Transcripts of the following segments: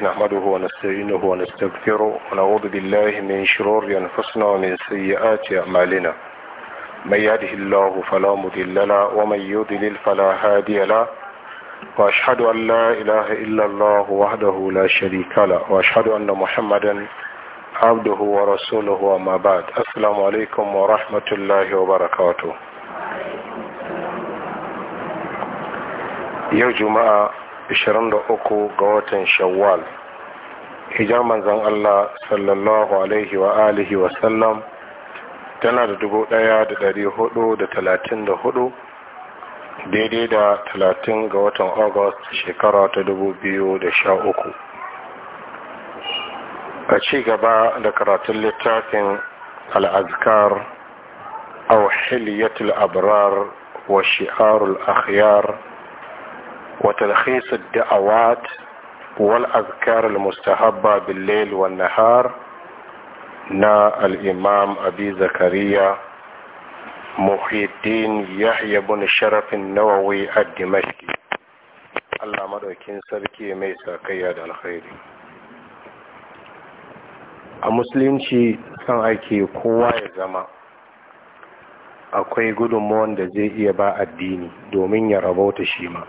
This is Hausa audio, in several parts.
نحمده ونستعينه ونستغفره ونعوذ بالله من شرور أنفسنا ومن سيئات أعمالنا من يهده الله فلا مضل له ومن يضلل فلا هادي له وأشهد أن لا إله إلا الله وحده لا شريك له وأشهد أن محمدا عبده ورسوله وما بعد السلام عليكم ورحمة الله وبركاته يا جماعة 23 ga watan shawwal hijar manzan Allah sallallahu alaihi wa alihi wa sallam tana da dubu ɗaya da dari hudu da talatin da hudu daidai da talatin ga watan august shekara ta dubu biyu da sha uku a ci gaba da karatun littafin al'azkar auhiliyatul abrar wa shi'arul akhyar وتلخيص الدعوات والأذكار المستحبة بالليل والنهار نا الإمام أبي زكريا محي الدين يحيى بن الشرف النووي الدمشقي الله madaukin sarki mai كياد da alkhairi a musulunci san ake kowa ya zama akwai gudunmuwan da zai iya ba addini domin ya rabauta shi ma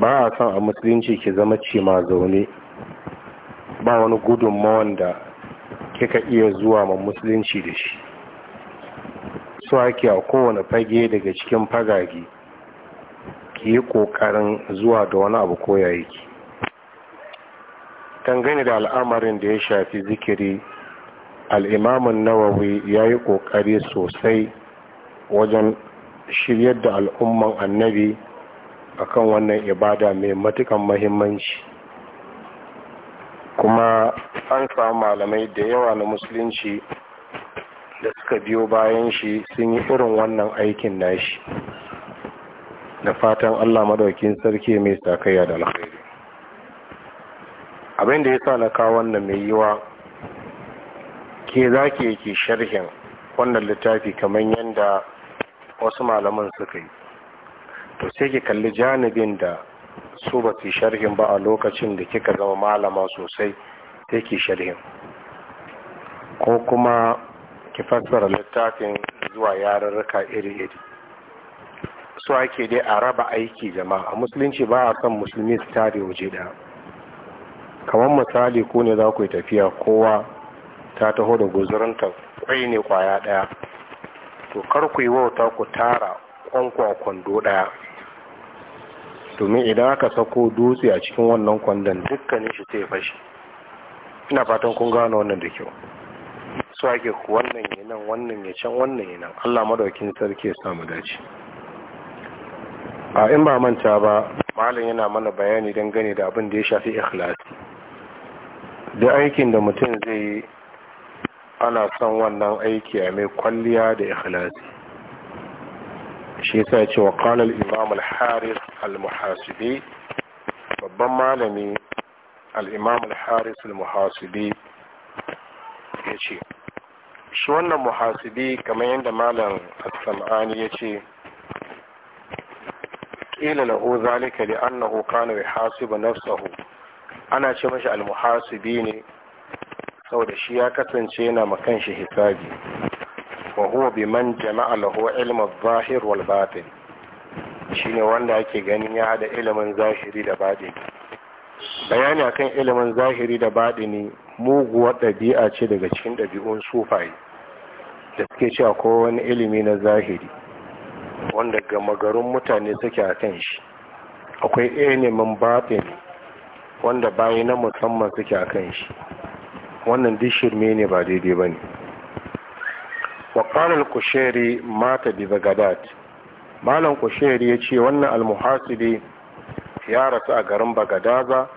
ba a son a musulunci ki zama ce ma zaune ba wani gudunmawan da kika iya zuwa ma musulunci da shi su ake a kowane fage daga cikin fagage ki yi ƙoƙarin zuwa da wani abu ko yayi ki dangane da al'amarin da ya shafi zikiri al'imamun nawawi ya yi ƙoƙari sosai wajen shiryar da al'umman annabi akan wannan ibada mai matukan mahimmanci kuma an samu malamai da yawa na musulunci da suka biyo bayan shi sun yi irin wannan aikin nashi da fatan allah madaukin sarki mai sakayya da alkhairi abin da ya sa na kawo wannan mai yiwa ke za ke yake sharhin wannan littafi kamar yadda wasu malaman suka yi to sai ki kalli janibin da su ba su sharhin ba a lokacin da kika zama malama sosai sai ki sharhin ko kuma ki fassara littafin zuwa yarurruka iri-iri su ake dai a raba aiki jama'a musulunci ba a son musulmi su tare waje ɗaya kamar misali ko ne za ku yi tafiya kowa ta taho da guzuranta kwai ne kwaya ɗaya to kar ku yi wauta ku tara kwankwa kwando ɗaya domin idan aka sako dutse a cikin wannan kwandon dukkanin shi sai fashi ina fatan kun gano wannan da kyau su ake wannan ya nan wannan ya can wannan ya nan allah madaukin sarki ya samu dace a in ba manta ba malam yana mana bayani gani da abin da ya shafi ikhlasi da aikin da mutum zai yi ana son wannan aiki a mai kwalliya da ikhlasi shi yasa ya ce wa imam al-haris al-muhasibi babban malami al-imam al-haris al-muhasibi ya ce shi wannan muhasibi kamar yadda malam as-sam'ani ya ce ƙila lahu zalika li annahu kana yuhasibu nafsahu ana ce mashi al-muhasibi ne saboda shi ya kasance yana makan shi hisabi فهو بمن جمع له علم الظاهر والباطن shine wanda ake ganin ya hada ilimin zahiri da baɗini bayani akan ilimin zahiri da baɗini muguwar ɗabi'a ce daga cikin ɗabi'un sufaye da suke cewa ko wani ilimi na zahiri wanda gama garin mutane suke a kan shi akwai ilimin baɗini wanda bayi na musamman suke a kan shi wannan duk shirme ne ba daidai ba ne wa qala al malam kushairi ya ce wannan al-muhasibi ya rasu a garin bagadaza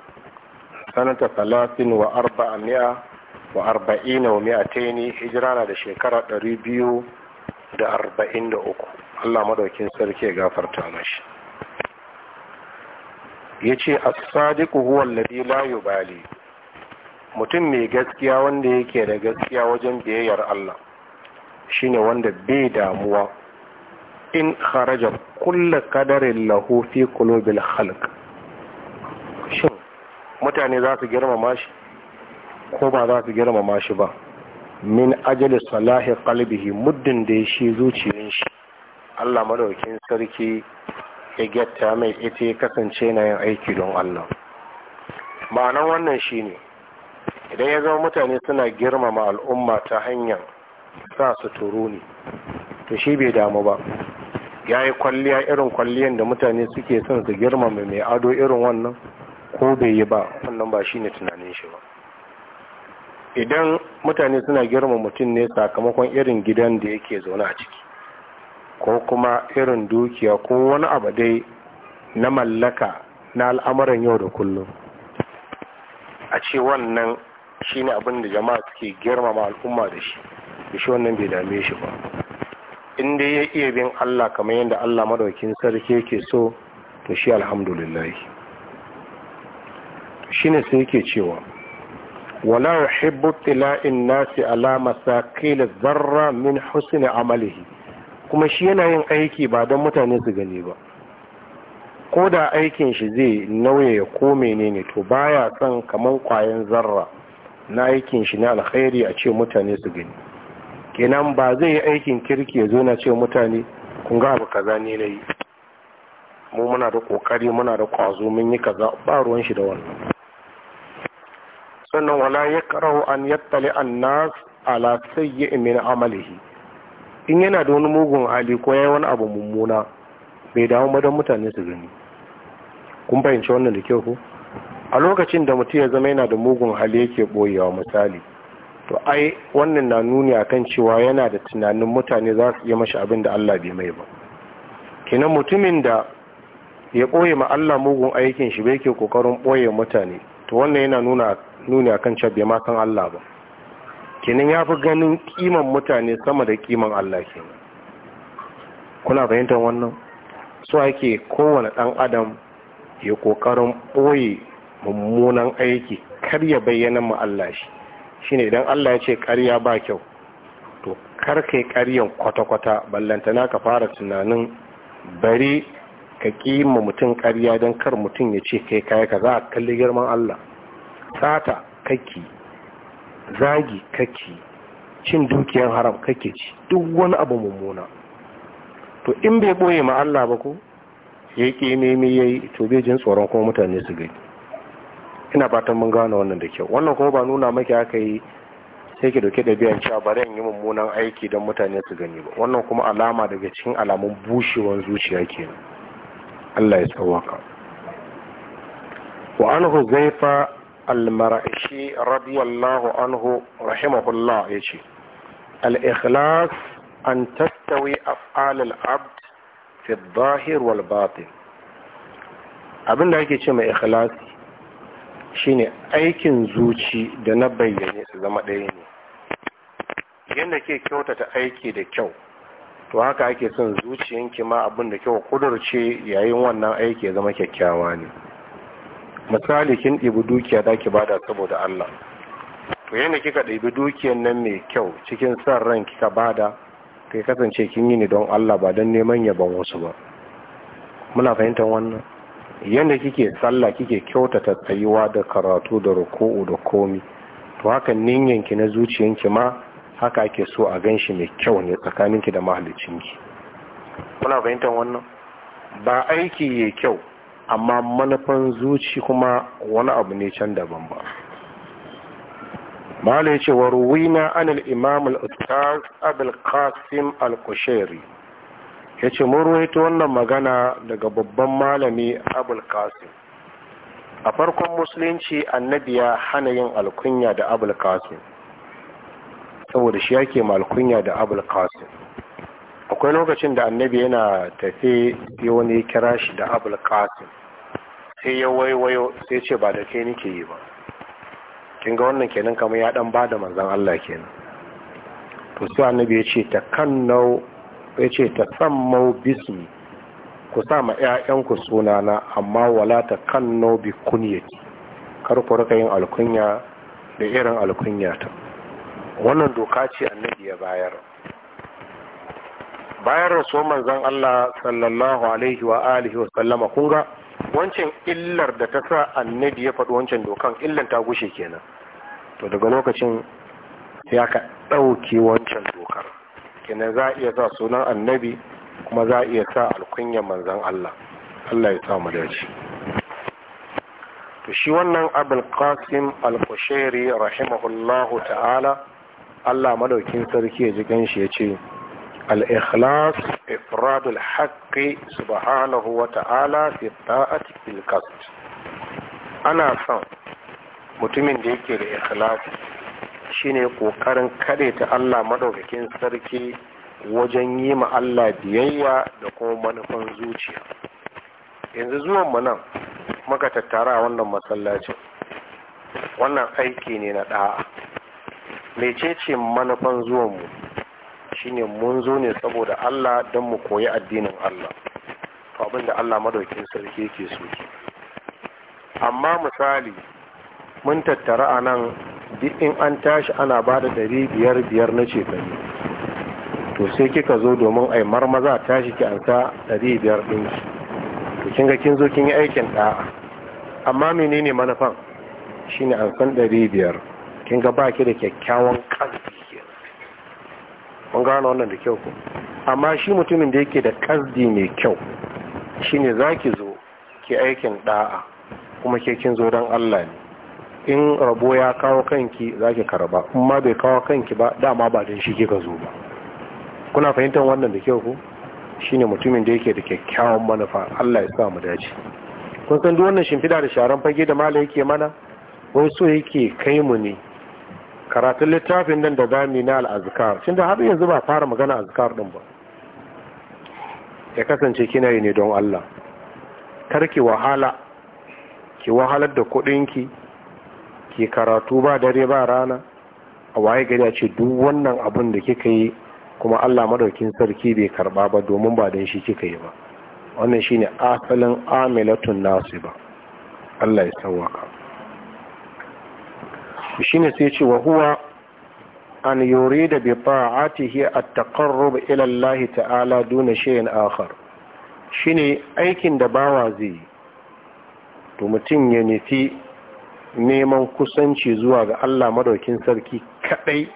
sanata talatin wa arba'a mi'a wa arba'ina wa mi'ataini hijira na da shekara ɗari biyu da arba'in da uku allah madaukin sarki ya gafarta mashi ya ce as-sadiqu huwa alladhi la yubali mutum mai gaskiya wanda yake da gaskiya wajen biyayyar allah shine wanda bai damuwa in kharaja kulla kadarin lahu fi qulubil khalq shin mutane za su girmama shi ko ba za su girmama shi ba min ajali salahi qalbihi muddin da shi zuciyar shi Allah madaukin sarki ya mai ita ya kasance na yin aiki don Allah Ma'anar wannan shine idan ya zama mutane suna girmama al'umma ta hanyar sa suturu ne to shi bai damu ba ya yi kwalliya irin kwalliyan da mutane suke son su girmama mai ado irin wannan ko bai yi ba wannan ba shi ne tunanin shi ba idan mutane suna girma mutum ne sakamakon irin gidan da yake zaune a ciki ko kuma irin dukiya ko wani abu dai na mallaka na al'amuran yau da kullum a ce wannan shine abin da jama'a suke girmama al'umma da shi Ka shi wannan bai dame shi ba in dai ya iya bin Allah kamar yadda Allah madaukin sarki yake so to shi alhamdulillah shine sai yake cewa wala yuhibbu tila'in nasi ala masakil zarra min husn amalihi kuma shi yana yin aiki ba don mutane su gani ba ko da aikin shi zai nauye ya ko menene to baya son kaman kwayan zarra na aikin shi na alkhairi a ce mutane su gani kenan ba zai yi aikin kirki ya zo na ce mutane kun ga abu kaza ne na yi mu muna da kokari muna da kwazo mun yi kaza ba ruwan shi da wannan sannan wala ya karahu an yattali an nas ala sayyi min amalihi in yana da wani mugun hali ko yayi wani abu mummuna bai dawo madan mutane su gani kun fahimci wannan da kyau ko a lokacin da mutum ya zama yana da mugun hali yake boyewa misali to ai wannan na nuni akan cewa yana da tunanin mutane za su iya mashi abin da Allah bai mai ba kenan mutumin da ya ɓoye ma Allah mugun aikin shi bai ke kokarin ɓoye mutane to wannan yana nuna nuni kan cewa bai ma kan Allah ba kenan ya fi ganin kiman mutane sama da kiman Allah kenan kuna fahimtar wannan so ake kowane ɗan adam ya kokarin ɓoye mummunan aiki kar ya bayyana ma Allah shi shine idan Allah ya ce karya ba kyau to kar kai ƙaryan kwata-kwata ballantana ka fara tunanin bari ka kima mutum karya don kar mutum ya ce kai kaya ka za a kalli girman Allah sata kaki, zagi kaki, cin dukiyar haram kake ci duk wani abu mummuna to in bai boye ma Allah ba ko ya ƙi meme ya yi to bai jin tsoron kuma mutane su gani ina fatan mun gane wannan da kyau wannan kuma ba nuna maki aka yi sai ki dauke biyan cewa bari in yi mummunan aiki don mutane su gani ba wannan kuma alama daga cikin alamun bushewar zuciya kenan Allah ya tsawaka wa an huzaifa al-mara'ishi radiyallahu anhu rahimahullah yace al-ikhlas an tastawi af'al al-abd fi adh-dhahir wal batin abinda ake ce mai ikhlasi shine aikin zuci da na bayyane su zama ɗaya ne yadda ke kyautata aiki da kyau to haka ake son zuciyanki ma abin da kyau kudurce yayin wannan aiki ya zama kyakkyawa ne misali kin ɗibi dukiya da ki bada saboda Allah to yadda kika ɗibi dukiyan nan mai kyau cikin son ran kika bada kai kasance kin yi ne don Allah ba don neman yabon wasu ba muna fahimtar wannan yadda kike sallah kike kyautata tsayuwa da karatu da ruku'u da komi to haka ninyanki na zuciyanki ma haka ake so a gan shi mai kyau ne tsakaninki da mahalicinki kuna fahimtar wannan ba aiki ya kyau amma manufan zuci kuma wani abu ne can daban ba mala ya ce wa ruwina an al-imam al-ustaz abul qasim al-kushairi Yace ce mun ruwaito wannan magana daga babban malami abul kasim a farkon musulunci annabi ya hana yin alkunya da abul qasim saboda shi yake ma alkunya da abul qasim akwai lokacin da annabi yana tafe ya wani kira shi da abul qasim sai ya waiwayo sai ce ba da kai nake yi ba kin ga wannan kenan kamar ya dan bada manzon Allah kenan to sai annabi ya ce takannau ya ce ta sammau bismi ku sa ma 'ya'yanku sunana amma wala ta kan bi kunyati kar ku rika yin alkunya da irin alkunya ta wannan doka ce annabi ya bayar bayan so manzon Allah sallallahu alaihi wa alihi wa sallama kun ga wancan illar da ta sa annabi ya faɗi wancan dokan illar ta gushe kenan to daga lokacin ya ka ɗauki wancan dokar kenan za a iya sa sunan annabi kuma za a iya sa alkunyar manzan Allah Allah ya samu dace to shi wannan abul qasim al-qushairi rahimahullahu ta'ala Allah madaukin sarki ya ji ganshi ya ce al-ikhlas ifrad al-haqqi subhanahu wa ta'ala fi ta'ati bil qasd ana son mutumin da yake da ikhlasi shine kokarin ta Allah maɗaukakin sarki wajen yi ma Allah biyayya da kuma manufan zuciya yanzu zuwan mu nan muka tattara a wannan masallacin wannan aiki ne na da'a mecece manufan zuwan mu shine mun zo ne saboda Allah don mu koyi addinin Allah to abin da Allah madaukakin sarki yake so amma misali mun tattara a nan duk in an tashi ana ba da ɗari biyar biyar na cefane to sai kika zo domin ai marmaza tashi ki an ta ɗari biyar ɗin to kin ga kin zo kin yi aikin ɗa'a amma menene manufan shine an san ɗari biyar kin ga baki da kyakkyawan ƙasdi mun gano wannan da kyau ko amma shi mutumin da yake da ƙasdi mai kyau shine zaki zo ki aikin ɗa'a kuma ke kin zo don Allah ne in rabo ya kawo kanki za ki karba kuma bai kawo kanki ba dama ba don shi ke ka zo ba kuna fahimtar wannan da kyau ku shine mutumin da yake da kyakkyawan manufa Allah ya sa mu dace kun san duk wannan shimfida da sharan fage da mala yake mana wai so yake kai mu ne karatun littafin nan da zami na al'azikar tunda har yanzu ba fara magana azikar din ba ya kasance kina yi ne don Allah karki wahala ki wahalar da kuɗinki ke karatu ba dare ba rana a waye gari a ce duk wannan abin da kika yi kuma Allah madaukin sarki bai karba ba domin ba dan shi kika yi ba wannan shine asalin amilatun nasiba Allah ya shi ne sai ce wa huwa an da bi ta'atihi at-taqarrub ila Allah ta'ala duna shay'in akhar shine aikin da bawa zai to mutum ya nufi neman kusanci zuwa ga Allah madaukin sarki kadai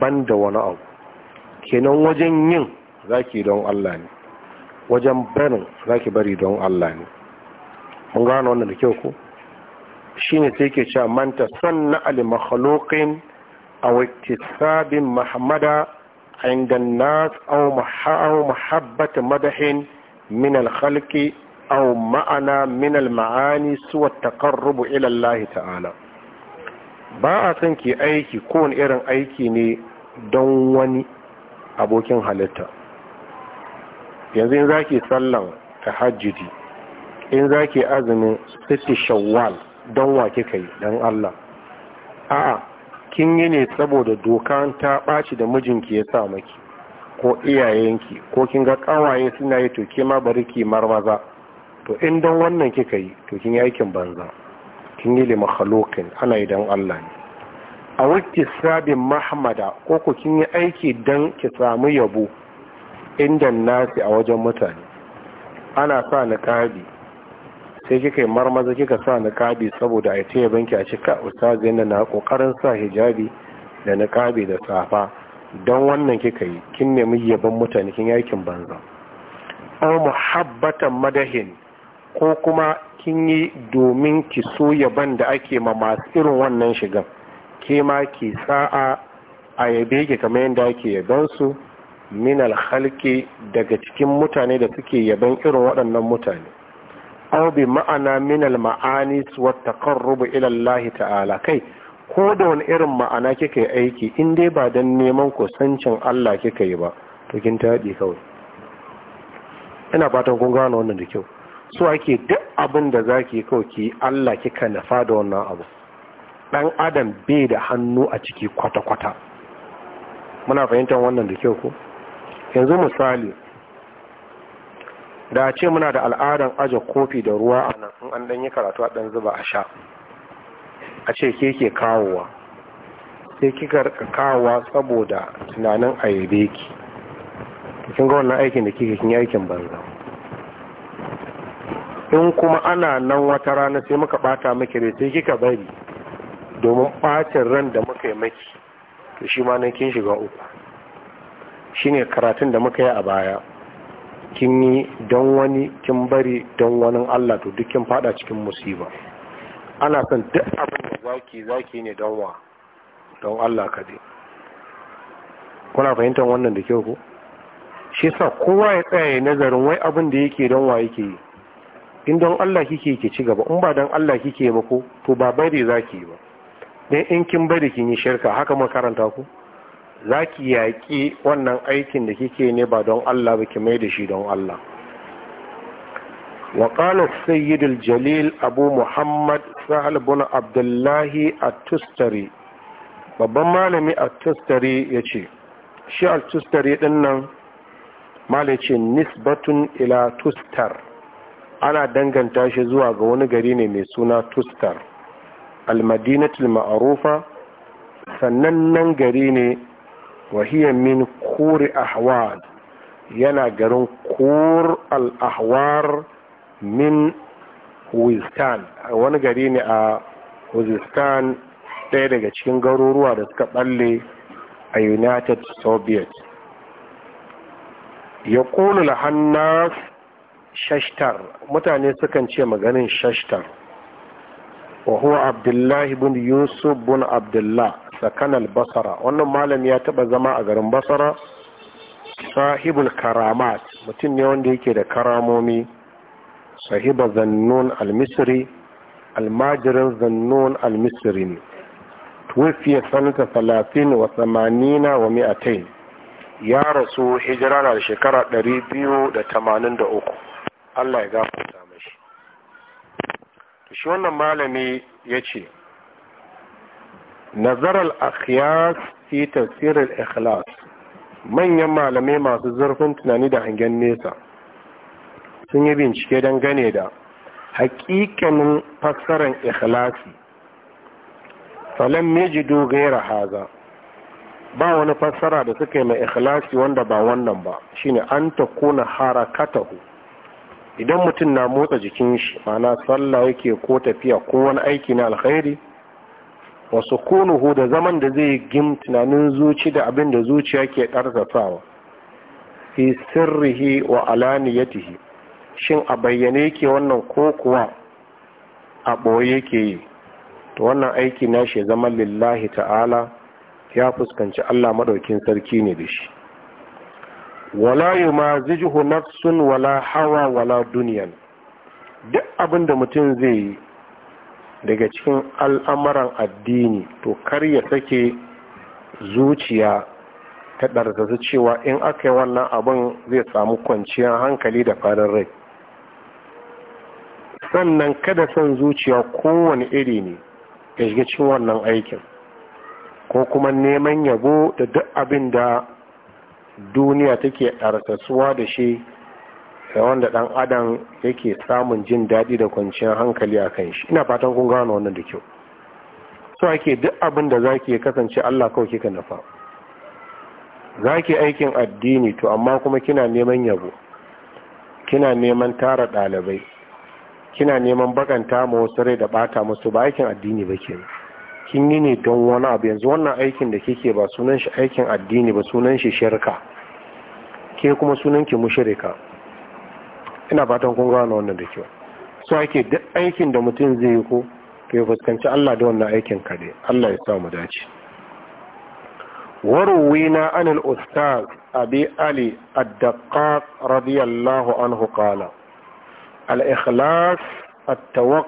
ban da wani abu kenan wajen yin zaki don Allah ne wajen barin zaki bari don Allah ne mun gano wannan da kyau ko shine sai ke cewa manta sanna al makhluqin aw iktisabin mahmada inda nas aw mahabbat madahin min al khalqi aw ma'ana min al-ma'ani suwa taqarrubu ila Allah ta'ala ba a son ki aiki kowane irin aiki ne don wani abokin halitta yanzu in ki sallan tahajjudi in zaki azumin sitti shawwal don wa kika yi don Allah a'a kin yi ne saboda doka ta ɓaci da mijinki ya sa maki ko iyayenki ko kin ga ƙawaye suna yi to ke ma bari ki marmaza to in don wannan kika yi to kin yi aikin banza kin yi li makhluqin ana idan Allah ne a wuce sabin mahamada ko ku kin yi aiki dan ki samu yabo inda nasi a wajen mutane ana sa niqabi sai kika yi marmaza kika sa niqabi saboda a ce banki a cika ustazi yana na kokarin sa hijabi da niqabi da safa don wannan kika yi kin nemi yabon mutane kin yi aikin banza aw muhabbatan madahin ko kuma kin yi domin ki so yaban da ake ma masu irin wannan shigan ke ma ki sa'a a yabe ki kamar yadda ake yaban su min alhalki daga cikin mutane da suke yaban irin waɗannan mutane aw bi ma'ana min alma'ani wa taqarrub ila Allah ta'ala kai ko da wani irin ma'ana kika yi aiki in dai ba dan neman kusancin Allah kika yi ba to kin tadi kawai ina fatan kun gane wannan da kyau su ake duk abin da za ki kauki ki Allah kika nafa da wannan abu dan adam bai da hannu a ciki kwata-kwata muna fahimtar wannan da kyau ko yanzu misali da ce muna da al'adar aje kofi da ruwa a nan in an dan yi karatu a dan zuba a sha a ce ke ke kawowa sai kika kawowa saboda tunanin a yabe ki kin ga wannan aikin da kike kin yi aikin banza in kuma ana nan wata rana sai muka bata maki da sai kika bari domin bacin ran da muka yi maki to shi ma nan kin shiga uku shine karatun da muka yi a baya kin yi don wani kin bari don wani Allah to duk kin fada cikin musiba ana son duk abin da zaki zaki ne don wa don Allah ka kadai kuna fahimtar wannan da kyau ko shi sa kowa ya tsaya nazarin wai abin da yake don wa yake yi in don Allah kike ki ci gaba in ba don Allah kike ba ko to ba bari ki yi ba dan in kin bari kin yi shirka haka makaranta ku Za ki yaƙi wannan aikin da kike ne ba don Allah ba ki mai da shi don Allah sayyid al jalil abu Muhammad sahal bin Abdullahi a tustari babban malami a tustare ya ce shi a tustare din nan malai ce nisbatun ila tustar ana danganta shi zuwa ga wani gari ne mai suna tustar almadinatul ma'arufa sannan nan gari ne wahiyar min kuri ahwad yana garin kur al min huizkan wani gari ne a huizkan ɗaya daga cikin garuruwa da suka ɓalle a united soviet ya kulu hannas shashtar mutane sukan ce maganin shashtar wa huwa abdullahi bin yusuf bin abdullah sakanal basara wannan malamin ya taba zama a garin basara sahibul karamat mutum ne wanda yake da karamomi sahiba zannun al almajirin zannun al-misri ne tuwafiya sanata talatin wa tsamanina wa mi'atain ya rasu hijira na shekara 283 Allah ya gafarta mashi shi wannan malami ya ce nazar al-akhyas fi tafsir al-ikhlas manyan malamai masu zurfin tunani da hangen nesa sun yi bincike don gane da hakikanin fassarar ikhlasi falon mejido gaira haza ba wani fassara da suka yi mai ikhlasi wanda ba wannan ba shine an ta harakatahu idan mutum na motsa jikin shi mana sallah yake ko tafiya ko wani aiki na alkhairi wasu kunuhu da zaman da zai gim tunanin zuci da abin da zuciya ke ɗarfafawa fi sirrihi wa alaniyatihi shin a bayyane yake wannan ko kuwa a ɓoye yake yi to wannan aiki na shi zama lillahi ta'ala ya fuskanci allah maɗaukin sarki ne da shi wala yumazijuhu nafsun wala hawa wala duniyan duk abin da mutum zai yi daga cikin al'amuran addini to kar ya sake zuciya ta ɗarzazu cewa in aka yi wannan abin zai samu kwanciyar hankali da farin rai sannan kada son zuciya kowane iri ne ya shiga cikin wannan aikin ko kuma neman yabo da duk abin da duniya take ɗarkasuwa da shi da wanda ɗan adam yake samun jin daɗi da kwanciyar hankali a kan shi ina fatan kun gano wannan da kyau so ake duk abin da zaki kasance Allah kawai kika nafa zaki aikin addini to amma kuma kina neman yabo kina neman tara ɗalibai kina neman bakanta ma wasu rai da bata musu ba aikin addini ba kenan kin yi ne don wani abu yanzu wannan aikin da kike ba sunan shi aikin addini ba sunan shi shirka ke kuma sunan ki mushrika ina fatan kun gano wannan da kyau so ake duk aikin da mutum zai yi ko to ya fuskanci Allah da wannan aikin kare Allah ya sa mu dace وروينا عن الأستاذ أبي radiyallahu anhu رضي al عنه قال الإخلاص ala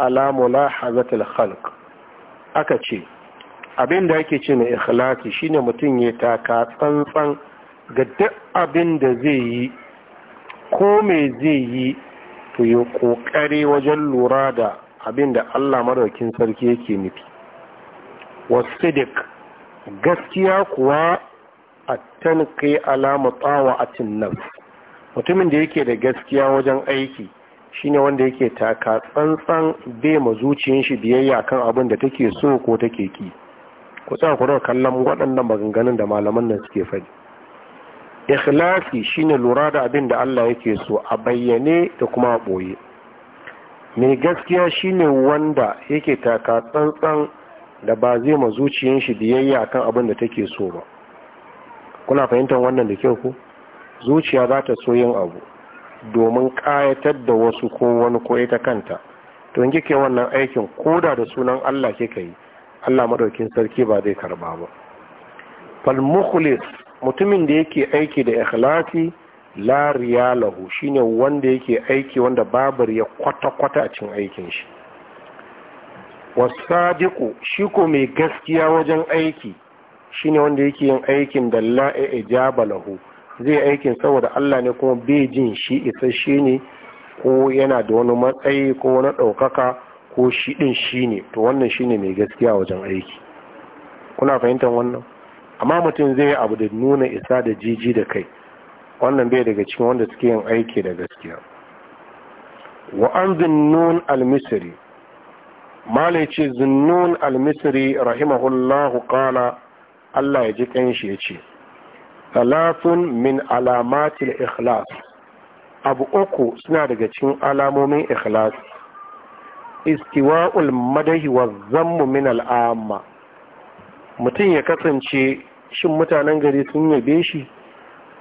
على ملاحظة الخلق aka ce abin da ake ce mai ikhlasi shine mutum ya taka tsantsan ga duk abin da zai yi ko mai zai yi to ya kokare wajen lura da abin da Allah madaukin sarki yake nufi wasidik gaskiya kuwa a tankai alama tsawa a nan, mutumin da yake da gaskiya wajen aiki shine wanda yake taka tsantsan bai ma zuciyin shi biyayya kan abin da take so ko take ki ku tsaya ku kallon waɗannan maganganun da malaman nan suke faɗi ikhlasi shine lura da abin da Allah yake so a bayyane da kuma a ɓoye mai gaskiya shine wanda yake taka tsantsan da ba zai ma zuciyin shi biyayya kan abin da take so ba kuna fahimtar wannan da kyau ku zuciya za ta so yin abu domin ƙayatar da wasu ko wani ko ita kanta to in kike wannan aikin koda da sunan Allah kika yi Allah madaukin sarki ba zai karba ba fal mukhlis mutumin da yake aiki da ikhlasi la riyalahu shine wanda yake aiki wanda babar ya kwata kwata a cikin aikin shi wasadiqu shi ko mai gaskiya wajen aiki shine wanda yake yin aikin da la ijaba lahu zai aikin saboda Allah ne kuma bai jin shi isasshe ne ko yana da wani matsayi ko wani ɗaukaka ko shi ɗin shi ne to wannan shi ne mai gaskiya wajen aiki kuna fahimtar wannan amma mutum zai yi abu da nuna isa da jiji da kai wannan bai daga cikin wanda suke yin aiki da gaskiya wa an zinnun al-misri mala ce zinnun al-misri rahimahullahu kana Allah ya ji kanshi ya ce salatun min alamatil ikhlas abu uku suna daga cikin alamomin ikhlas istiwa'ul madahi wa zammu min al'amma mutum ya kasance shin mutanen gari sun yabe shi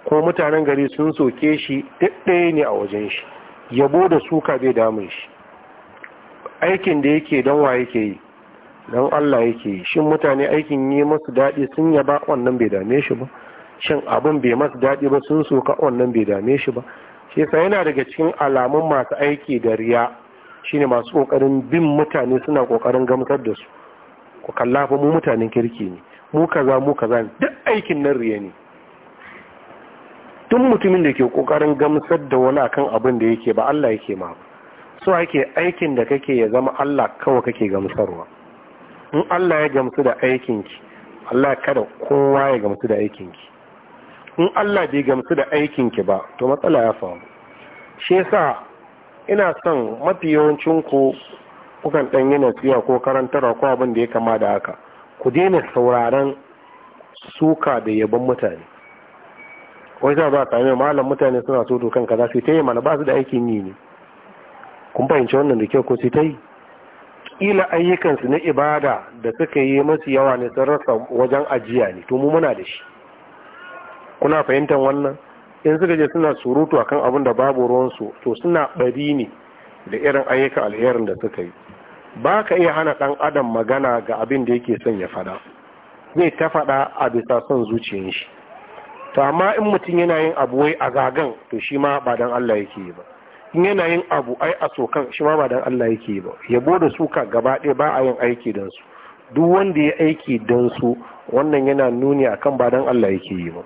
ko mutanen gari sun soke shi ɗaya ne a wajen shi yabo da suka bai damun shi aikin da yake don wa yake yi don Allah yake yi shin mutane aikin yi masu daɗi sun yaba wannan bai dame shi ba shin abin bai masu daɗi ba sun soka wannan bai dame shi ba shi yasa yana daga cikin alamun masu aiki da riya shine masu kokarin bin mutane suna kokarin gamsar da su ku kalla fa mu mutanen kirki ne mu kaza mu kaza ne duk aikin nan riya ne tun mutumin da ke kokarin gamsar da wani akan abin da yake ba Allah yake ma ba so ake aikin da kake ya zama Allah kawai kake gamsarwa in Allah ya gamsu da aikin ki, Allah kada kowa ya gamsu da aikin ki. in Allah bai gamsu da aikin ki ba to matsala ya faru shi yasa ina son mafi yawancin ku kukan dan yana tsiya ko karantarwa ko abin da ya kama da haka ku daina sauraron suka da yabon mutane wai za ba ta malam mutane suna so to kanka za su ta yi mana ba su da aikin yi ne kun fahimci wannan da kyau ko su ta yi kila ayyukansu na ibada da suka yi masu yawa ne sun rasa wajen ajiya ne to mu muna da shi kuna fahimtar wannan in suka je suna surutu akan abin da babu ruwansu to suna bari ne da irin ayyukan alherin da suka yi ba ka iya hana ɗan adam magana ga abin da yake son ya faɗa zai ta faɗa a bisa son zuciyar shi to amma in mutum yana yin abu wai a gagan to shi ma ba dan Allah yake yi ba in yana yin abu ai a sokan shi ma ba dan Allah yake yi ba yabo da suka gaba ɗaya ba a yin aiki don su duk wanda ya aiki don su wannan yana nuni akan ba dan Allah yake yi ba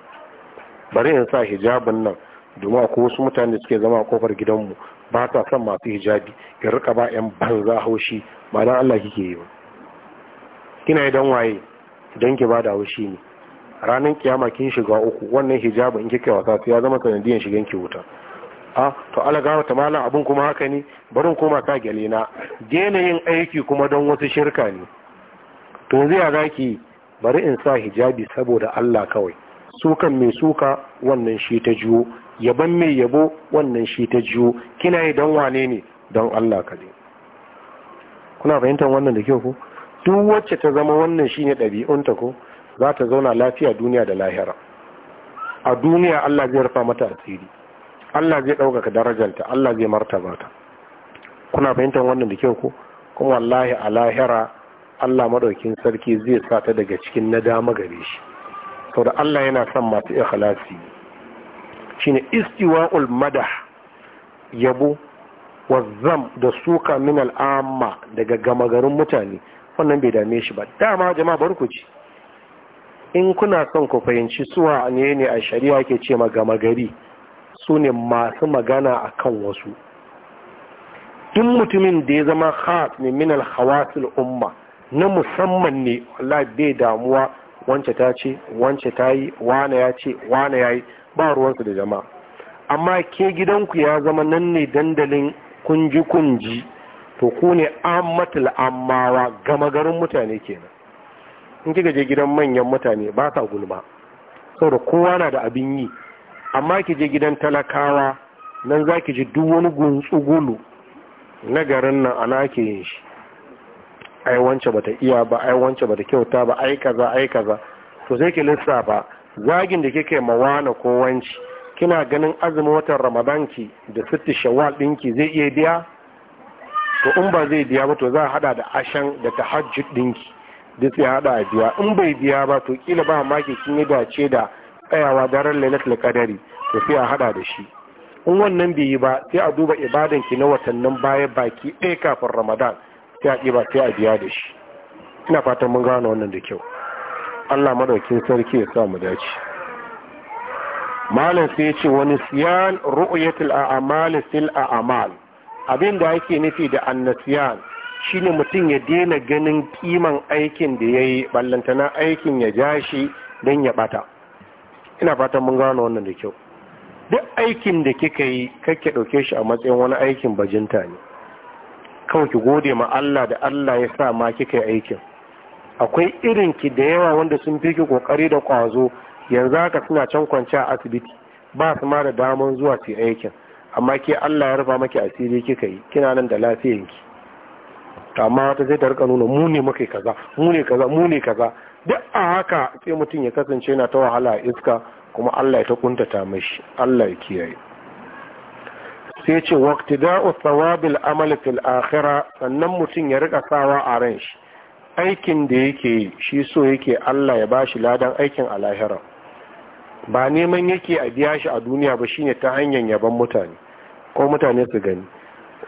bari in sa hijabin nan domin ko wasu mutane da suke zama a kofar gidanmu ba ta son masu hijabi in rika ba yan banza haushi ba dan Allah kike yi ba kina yi dan waye dan ki ba da haushi ne ranar kiyama kin shiga uku wannan hijabin in kike wasa ya zama sanadiyan shigan ki wuta a to alagawa ta malam abin kuma haka ne barin koma ka gyale na gena yin aiki kuma don wasu shirka ne to zai ya zaki bari in sa hijabi saboda Allah kawai sukan mai suka wannan shi ta jiwo yaban mai yabo wannan shi ta jiwo kina yi don wane ne don Allah kaɗai kuna fahimtar wannan da kyau ko duk wacce ta zama wannan shi ne ɗabi'unta ko za ta zauna lafiya duniya da lahira a duniya Allah zai rufa mata asiri Allah zai ɗaukaka darajanta Allah zai martaba ta kuna fahimtar wannan da kyau ko kuma wallahi a lahira Allah madaukin sarki zai sa ta daga cikin nadama gare shi da Allah yana son masu ikhlasi shine istiwa'ul madah yabo wazzam da suka min al'amma daga gama garin mutane wannan bai dame shi ba dama jama'a ci. in kuna son ku fahimci suwa ne ne a shari'a ke ce gama gari su ne masu magana a kan wasu duk mutumin da ya zama khas ne min al umma na musamman ne wallahi bai damuwa wance ta ce wance ta yi wane ya ce wane ya yi ba ruwansu da jama'a amma ke gidanku ya zama nan ne dandalin kunji-kunji to ku ne ammatul ammawa gama garin mutane kenan in kika je gidan manyan mutane ba sa gulma saboda kowa na da abin yi amma ki je gidan talakawa nan za ki ji duk wani gulu na garin nan ana ke yin shi ai wance bata iya ba ai wance bata kyauta ba ai kaza ai kaza to sai ki lissafa zagin da kike mawana ko wanci kina ganin azumin watan ramadan ki da sitti shawwal dinki zai iya biya to in ba zai biya ba to za a hada da ashan da tahajjud dinki duk ya hada a biya in bai biya ba to kila ba ma maki kin yi dace da tsayawa daren lailatul qadari to sai a hada da shi in wannan bai yi ba sai a duba ibadan ki na watannin baya baki ɗaya kafin ramadan sai ba ɗiba sai a biya da shi ina fatan mun gano wannan da kyau Allah madaukin sarki ya sa mu dace malam sai ya ce wani siyan ru'yatul a'mal fil a'mal abin da yake nufi da annasiyan shine mutum ya dena ganin kiman aikin da yayi ballantana aikin ya jashi dan ya bata ina fatan mun gano wannan da kyau duk aikin da kika yi kake dauke shi a matsayin wani aikin bajinta ne kawai ki gode ma Allah da Allah ya sa ma kika yi aikin akwai irin ki da yawa wanda sun fi ki kokari da kwazo yanzu haka suna can kwance a asibiti ba su ma da daman zuwa su aikin amma ke Allah ya rufa maki asiri kika yi kina nan da lafiyanki amma wata zai ta rika nuna mu ne muka kaza mu ne kaza mu ne kaza duk a haka sai mutum ya kasance yana ta wahala a iska kuma Allah ya ta kuntata mashi Allah ya kiyaye sai ce da thawabil amal fil akhira sannan mutum ya rika sawa a ran shi aikin da yake shi so yake Allah ya bashi ladan aikin a lahira ba neman yake a biya shi a duniya ba shine ta hanyar yaban mutane ko mutane su gani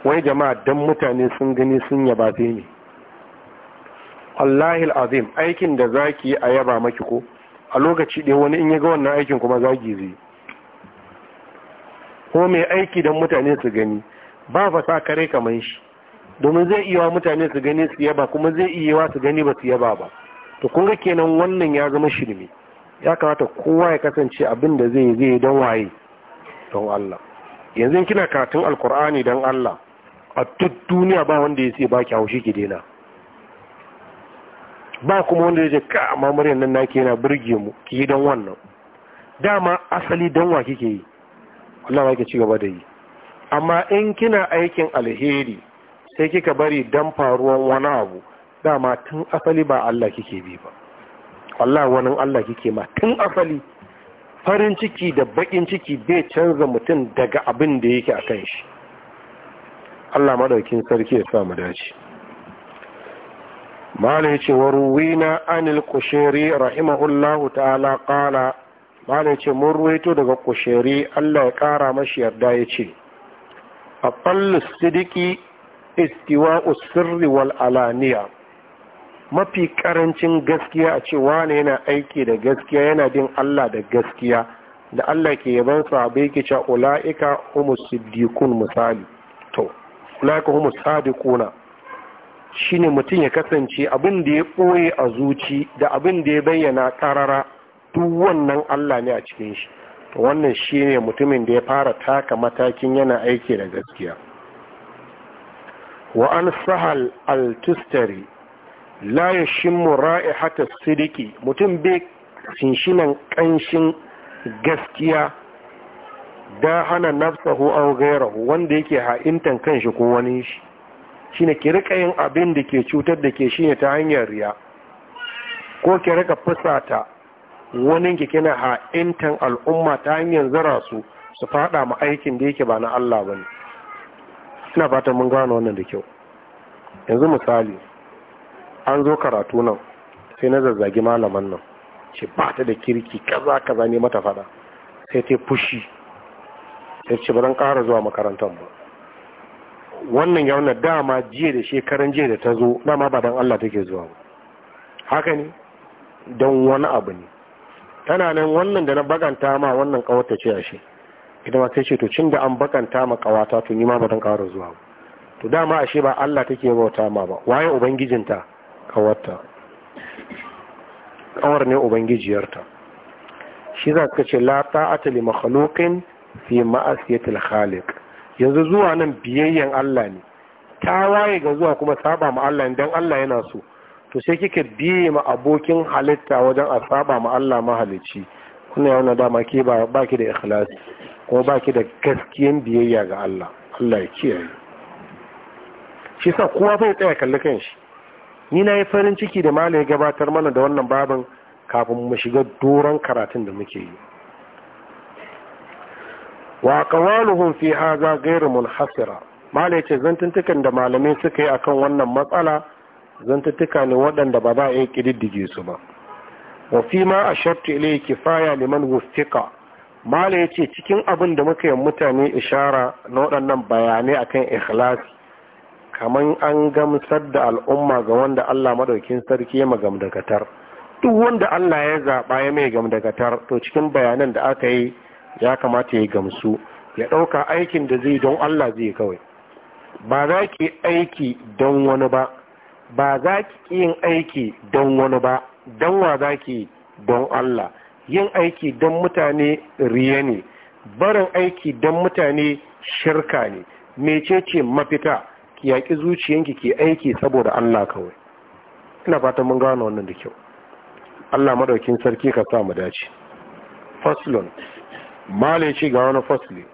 wai jama'a dan mutane sun gani sun yaba sai ne Allahil azim aikin da zaki a yaba maki ko a lokaci ɗaya wani in yaga wannan aikin kuma zagi zai ko mai aiki don mutane su gani ba fasa kare kamar shi domin zai iya mutane su gani su yaba kuma zai iya wa su gani ba su yaba ba to kun ga kenan wannan ya zama shirme ya kamata kowa ya kasance abin da zai zai don waye don Allah yanzu kina karatun alkur'ani don Allah a duk duniya ba wanda ya ce ba ki haushi ki dena ba kuma wanda ya ce ka amma muryan nan nake yana burge mu ki yi don wannan dama asali don wa kike yi Allah ma yake ci gaba da yi amma in kina aikin alheri sai kika bari dan faruwan wani abu dama tun asali ba Allah kike bi ba Allah wani Allah kike ma tun asali farin ciki da bakin ciki bai canza mutum daga abin da yake a kan shi Allah madaukin sarki ya sa mu dace malai ce wa ruwina anil kushiri rahimahullahu ta'ala malam ce mun ruwaito daga kusheri Allah ya kara mashi yarda ya ce A aqallu sidiki istiwa'u usirri wal alaniya mafi ƙarancin gaskiya a cewa ne yana aiki da gaskiya yana bin Allah da gaskiya da Allah ke yaban sahabbai ke ulaika humus siddiqun misali to ulaika humus sadiquna shine mutum ya kasance abin da ya ɓoye a zuci da abin da ya bayyana ƙarara duk wannan Allah ne a cikin shi to wannan ne mutumin da ya fara taka matakin yana aiki da gaskiya wa an sahal al-tustari la yashimmu ra'ihata sidiki mutum bai shinshinan kanshin gaskiya da hana nafsahu aw ghayrahu wanda yake ha'intan kanshi ko wani shi shine ki rika yin abin da ke cutar da ke shine ta hanyar riya ko ki rika fusata wani ki kina intan al'umma ta hanyar zira su su fada ma aikin da yake ba na Allah ba ne. ina fata mun gano wannan da kyau yanzu misali an zo karatu nan sai na zazzagi malaman nan ce ba ta da kirki kaza kaza ne mata fada sai ta fushi sai ce ba zan ƙara zuwa makarantar ba wannan ya wannan dama jiya da shekaran jiya da ta zo dama ba don Allah take zuwa ba haka ne don wani abu ne tana nan wannan da na baganta ma wannan kawata ce a shi ita ma sai ce to cin da an bakanta ma kawata to ni ma ba dan ƙara zuwa to dama ashe ba Allah take bauta ma ba waye ubangijinta kawarta kawar ne ubangijiyarta shi za ka ce la ta'ata li makhluqin fi ma'asiyatil khaliq yanzu zuwa nan biyayyen Allah ne ta waye ga zuwa kuma saba ma Allah dan Allah yana so to sai kika biye ma abokin halitta wajen a saba ma Allah mahalicci kuna yana dama ke ba baki da ikhlasi kuma baki da gaskiyan biyayya ga Allah Allah ya kiyaye shi sa kowa zai tsaya kalli kan shi. ni na yi farin ciki da malai gabatar mana da wannan babin kafin mu shiga doron karatun da muke yi wa qawaluhum fi hadha ghayr munhasira malai ce zantuntukan da malamai suka yi akan wannan matsala zantattuka ne waɗanda ba za a iya ƙididdige su ba wa fi ma a shartu ilai kifaya liman wufika mala ya ce cikin abin da muka yi mutane ishara na waɗannan bayanai akan ikhlasi kamar an gamsar da al'umma ga wanda Allah Maɗaukin sarki ya magamdakatar duk wanda Allah ya zaɓa ya mai gamdakatar to cikin bayanan da aka yi ya kamata ya gamsu ya ɗauka aikin da zai don Allah zai kawai ba za ki aiki don wani ba ba za ki yin aiki don wani ba don wa za ki don Allah yin aiki don mutane riya ne barin aiki don mutane shirka ne mecece mafita ki yaƙi zuciyanki ke aiki saboda Allah kawai ina fatan mun gano wannan da kyau Allah madaukin sarki ka sa mu dace faslun malai ce ga wani fasli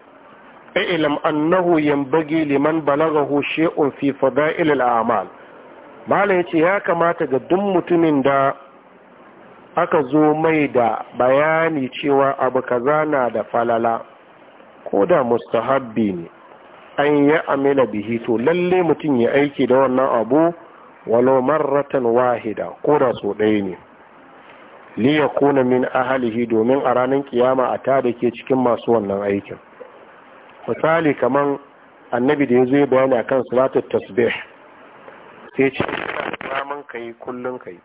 ilam annahu yanbaghi liman balagahu shay'un fi fada'il al-a'mal malam ce ya kamata ga duk mutumin da aka zo mai da bayani cewa abu kaza na da falala ko da mustahabbi ne an yi amina bihi to lalle mutum ya aiki da wannan abu walo marratan wahida ko da so ɗaya ne li kuna min ahalihi domin a ranar kiyama a tada ke cikin masu wannan aikin misali kamar annabi da ya zo bayani akan salatu tasbih sai ce daman ka yi kullum ka yi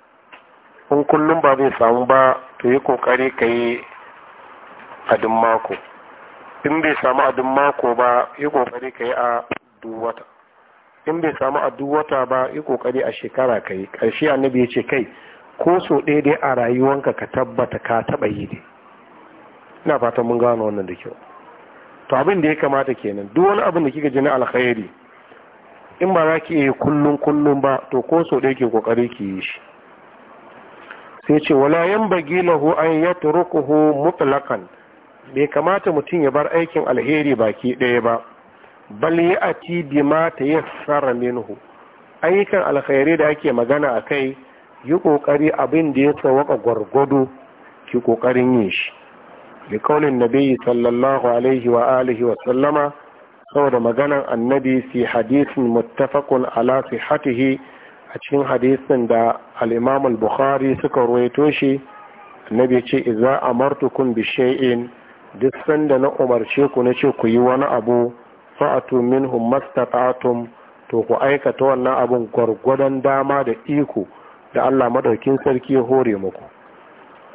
in kullum ba zai samu ba to yi kokari ka yi adin mako in bai samu adin mako ba yi kokari ka yi a duwata in bai samu a duwata ba yi kokari a shekara ka yi ƙarshe annabi ya ce kai ko so daidai a rayuwanka ka tabbata ka taɓa yi ne ina fatan mun gano wannan da kyau to abin da ya kamata kenan duk wani abin da kika ji na alkhairi in ba za ki yi kullum kullum ba to ko so ɗaya ke kokari ki yi shi sai ce wala yan bagi lahu an ya turukuhu mutlakan bai kamata mutum ya bar aikin alheri baki ɗaya ba bal a ti bi ma ta yassara minhu ayyukan alkhairi da ake magana a kai yi kokari abin da ya tsawaka gwargwado ki kokarin yin shi li kaulin nabiyyi sallallahu alaihi wa alihi wa sallama saboda maganan annabi fi hadisin muttafaqun ala sihhatihi a cikin hadisin da al-imam al-bukhari suka rawaito shi annabi ce idza amartukum bi shay'in duk sanda na umarce ku na ce ku yi wani abu fa'atu minhum mastata'tum to ku aikata wannan abun gwargwadon dama da iko da Allah madaukin sarki ya hore muku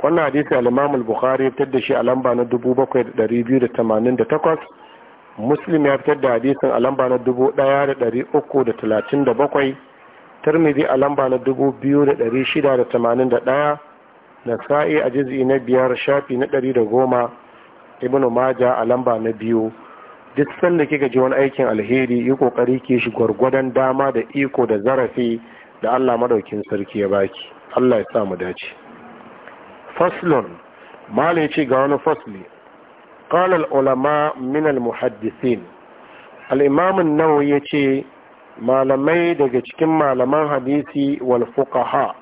wannan hadisi al-imam al-bukhari ya fitar da shi a lamba na 7288 muslim ya fitar da hadisin a lamba na 1337 tirmidhi a lamba na 2681 nasa'i a jiz'i na biyar shafi na ɗari 110 ibnu maja a lamba na biyu duk sanda kika ji wani aikin alheri yi kokari ke shi gwargwadon dama da iko da zarafi da Allah madaukin sarki ya baki Allah ya sa mu dace faslon mala ya ce ga wani fasli قال العلماء من المحدثين nawa النووي يتي malamai daga cikin malaman hadisi wal fuqaha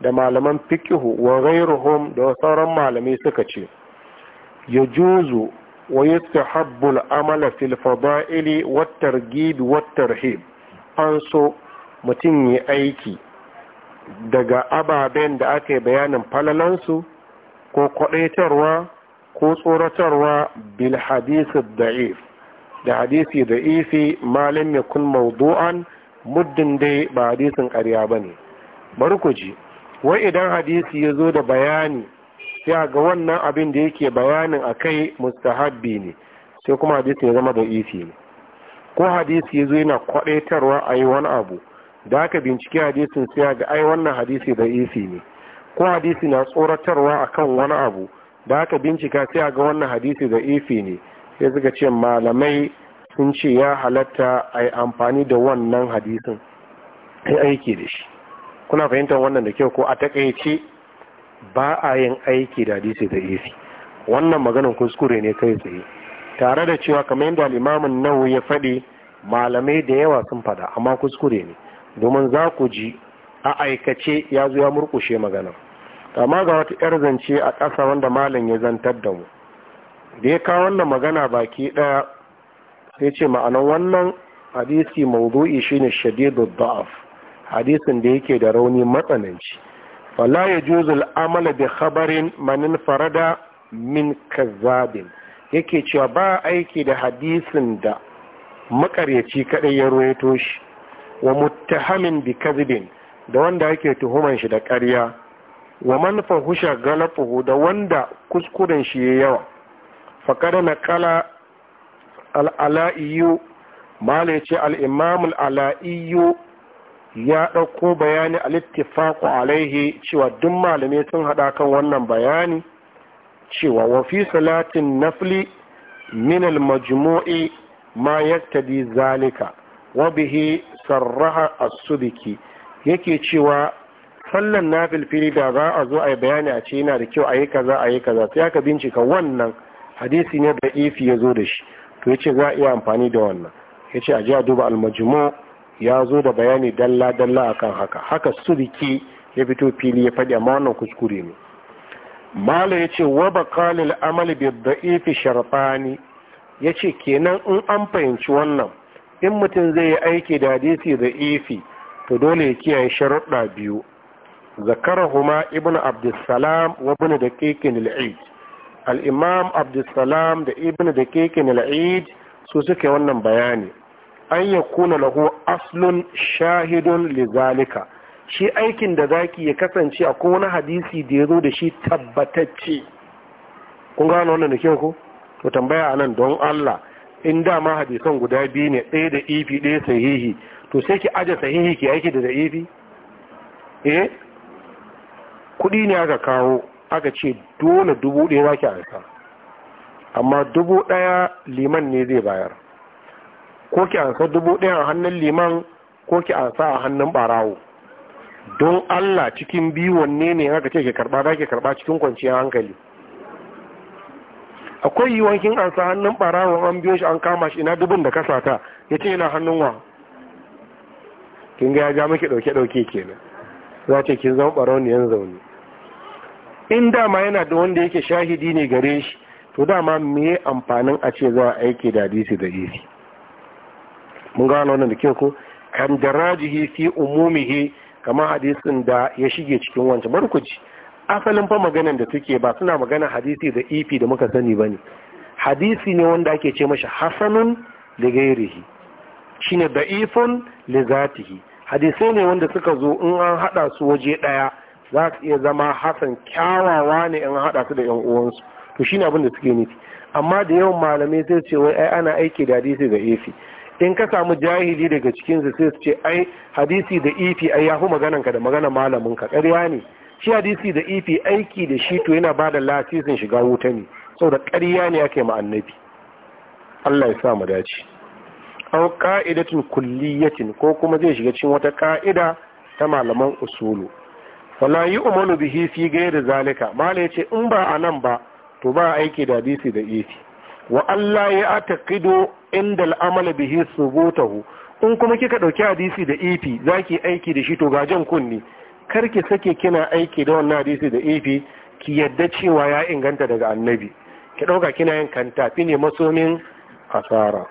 da malaman fikihu wa ghairuhum da sauran malamai suka ce yajuzu wa yastahabbu al-amala fil fada'ili wat targhib wat tarhib an so mutum yi aiki daga ababen da aka bayanin falalansu ko kwadaitarwa ko tsoratarwa bil hadisi da'if da hadisi da'ifi malam ya kun mawdu'an muddin dai ba hadisin ƙarya ba ne bari ku ji wai idan hadisi ya zo da bayani sai ga wannan abin da yake bayanin a kai mustahabbi ne sai kuma hadisi ya zama da isi ne ko hadisi ya zo yana kwaɗaitarwa a yi wani abu da aka bincike hadisin sai ga ai wannan hadisi da isi ne ko hadisi na tsoratarwa akan wani abu da aka bincika sai a ga wannan hadisi da ifi ne sai suka ce malamai sun ce ya halatta a yi amfani da wannan hadisin ai aiki da shi kuna fahimtar wannan da kyau ko a takaice ba a yin aiki da hadisi da ifi wannan maganin kuskure ne kai tsaye tare da cewa kamar yadda limamin nawo ya faɗi malamai da yawa sun faɗa amma kuskure ne domin za ku ji a aikace ya zo ya murƙushe maganar amma ga wata yar zance a ƙasa wanda malam ya zantar da mu da ya kawo wannan magana baki ɗaya sai ce ma'anan wannan hadisi mawdu'i shine shadidu da'af hadisin da yake da rauni matsananci fala ya juzul amala bi khabarin manin farada min kazzabin yake cewa ba aiki da hadisin da makaryaci kadai ya ruwaito shi wa muttahamin bi kadhibin da wanda yake tuhuman shi da ƙarya wa man fahusha galafuhu da wanda kuskuren shi ya yawa faƙar na kala al'ala'iyu mala ce al'imamul ala'iyu ya ɗauko bayani a littifaku alaihi cewa duk malamai sun haɗa kan wannan bayani cewa wafi salatin nafli min majmui ma yaktadi zalika wa bihi sarraha as-subiki yake cewa sallan na fili da za a zo a yi bayani a ce yana da kyau a yi kaza a yi kaza sai aka bincika wannan hadisi ne da ifi ya zo da shi to ya ce za a iya amfani da wannan ya ce a ji a duba almajimo ya zo da bayani dalla dalla akan haka haka su riki ya fito fili ya faɗi amma wannan kuskure ne mala ya ce wa bakalil amal bi da'ifi sharfani ya ce kenan in an fahimci wannan in mutum zai yi aiki da hadisi da ifi to dole ya kiyaye sharuɗa biyu zakarahuma ibn عبد السلام وابن دقيق al الامام عبد imam abdussalam da ibn daqiq al-eid su wannan bayani an yakuna lahu aslun shahidun lizalika shi aikin da zaki ya kasance a kowane hadisi da ya zo da shi tabbatacce kun gano wannan da kyau ko to tambaya anan don Allah in dama hadisan guda biyu ne ɗaya da ifi ɗaya sahihi to sai ki aje sahihi ki aiki da da ifi eh kuɗi ne aka kawo aka ce dole dubu ɗaya za ki ansa amma dubu ɗaya liman ne zai bayar ko ki ansa dubu ɗaya a hannun liman ko ki ansa a hannun ɓarawo don Allah cikin biyu wanne ne aka ce ki karɓa za ki karɓa cikin kwanciyar hankali akwai yiwuwan kin ansa hannun ɓarawo an biyo shi an kama shi ina dubun da ka sata ya ce yana hannun wa kin ga ya ja miki ɗauke-ɗauke kenan za ce kin zama yan zaune in dama yana da wanda yake shahidi ne gare shi to dama me amfanin a ce za a aiki da hadisi da isi mun gano wannan da ke ko kan darajihi fi umumihi kamar hadisin da ya shige cikin wancan barkuci asalin fa maganan da suke ba suna magana hadisi da ifi da muka sani bane hadisi ne wanda ake ce mashi hasanun Ligairihi, shi shine da'ifun li zatihi hadisai ne wanda suka zo in an haɗa su waje ɗaya za su iya zama hasan kyawawa ne in haɗa su da 'yan uwansu to shine abin da suke nufi amma da yawan malamai sai ce wai ai ana aiki da hadisi da efi in ka samu jahili daga cikin su sai su ce ai hadisi da ifi ai yafi maganan ka da magana malamin ka ƙarya ne shi hadisi da ifi aiki da shi to yana ba da lasisin shiga wuta ne saboda ƙarya ne ake ma annabi Allah ya sa mu dace aw qa'idatun kulliyatin ko kuma zai shiga cikin wata ka'ida ta malaman usulu wala yu'malu bihi fi da zalika mala yace in ba nan ba to ba aiki da hadisi da isi wa Allah ya ataqidu inda al'amal bihi subutahu in kuma kika dauki hadisi da ifi zaki aiki da shi to gajan kunni kar ki sake kina aiki da wannan hadisi da ifi ki yadda cewa ya inganta daga annabi ki dauka kina yin kantafi ne masomin asara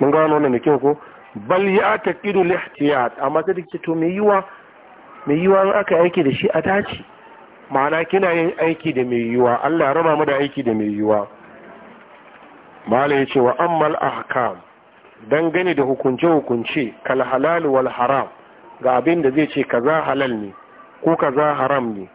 mun gano wannan da kyau ko bal ya taqidu lihtiyat amma sai dake to mai yiwa mai yiwa in aka aiki da shi a dace ma'ana kina yin aiki da mai yiwa Allah ya raba mu da aiki da mai yiwa mala ce wa ammal ahkam dangane da hukunce hukunce kal halal wal haram ga abin da zai ce kaza halal ne ko kaza haram ne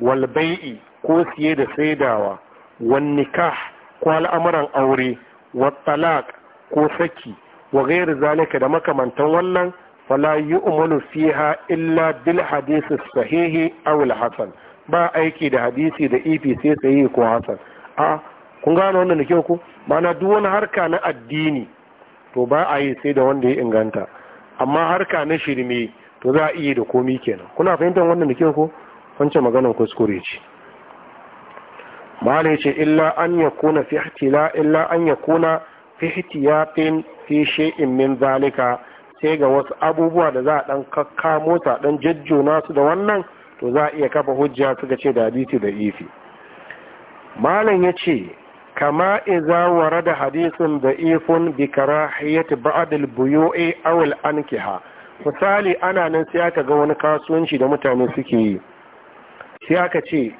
wal bai'i ko siye da saidawa wan nikah ko al'amuran aure wa talaq ko saki wa gairu zalika da makamantan wannan fala umaru fiha illa bil hadisi sahihi aw al hasan ba aiki da hadisi da ifi e sai sahihi ko hasan a kun gane wannan da kyau ku mana duk wani harka na addini to ba a yi sai da wanda ya inganta amma harka na shirme to za a iya da komi kenan kuna fahimtar wannan da kyau ku wancan maganar kuskure ce malai ce illa an yakuna fi illa an yakuna fi ihtiyatin fi shay'in min zalika sai ga wasu abubuwa da za a dan kakkamo ta dan jajjona su da wannan to za a iya kafa hujja suka ce da hadisi da ifi malam yace kama iza warada hadisin da ifun bi karahiyati ba'd al buyu'i aw al ankiha misali ana nan sai aka ga wani kasuwanci da mutane suke yi sai aka ce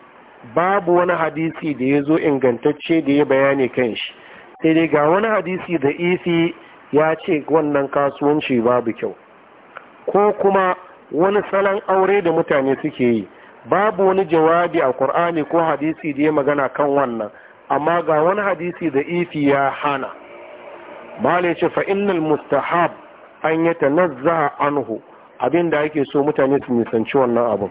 babu wani hadisi da ya zo ingantacce da ya bayani kan shi sai dai ga wani hadisi da isi ya ce wannan kasuwanci babu kyau ko kuma wani salon aure da mutane suke yi babu wani jawabi a ƙur'ani ko hadisi da ya magana kan wannan amma ga wani hadisi da ifi ya hana bala ce fa innal mustahab an nazza anhu abinda ake so mutane su nisanci wannan abin,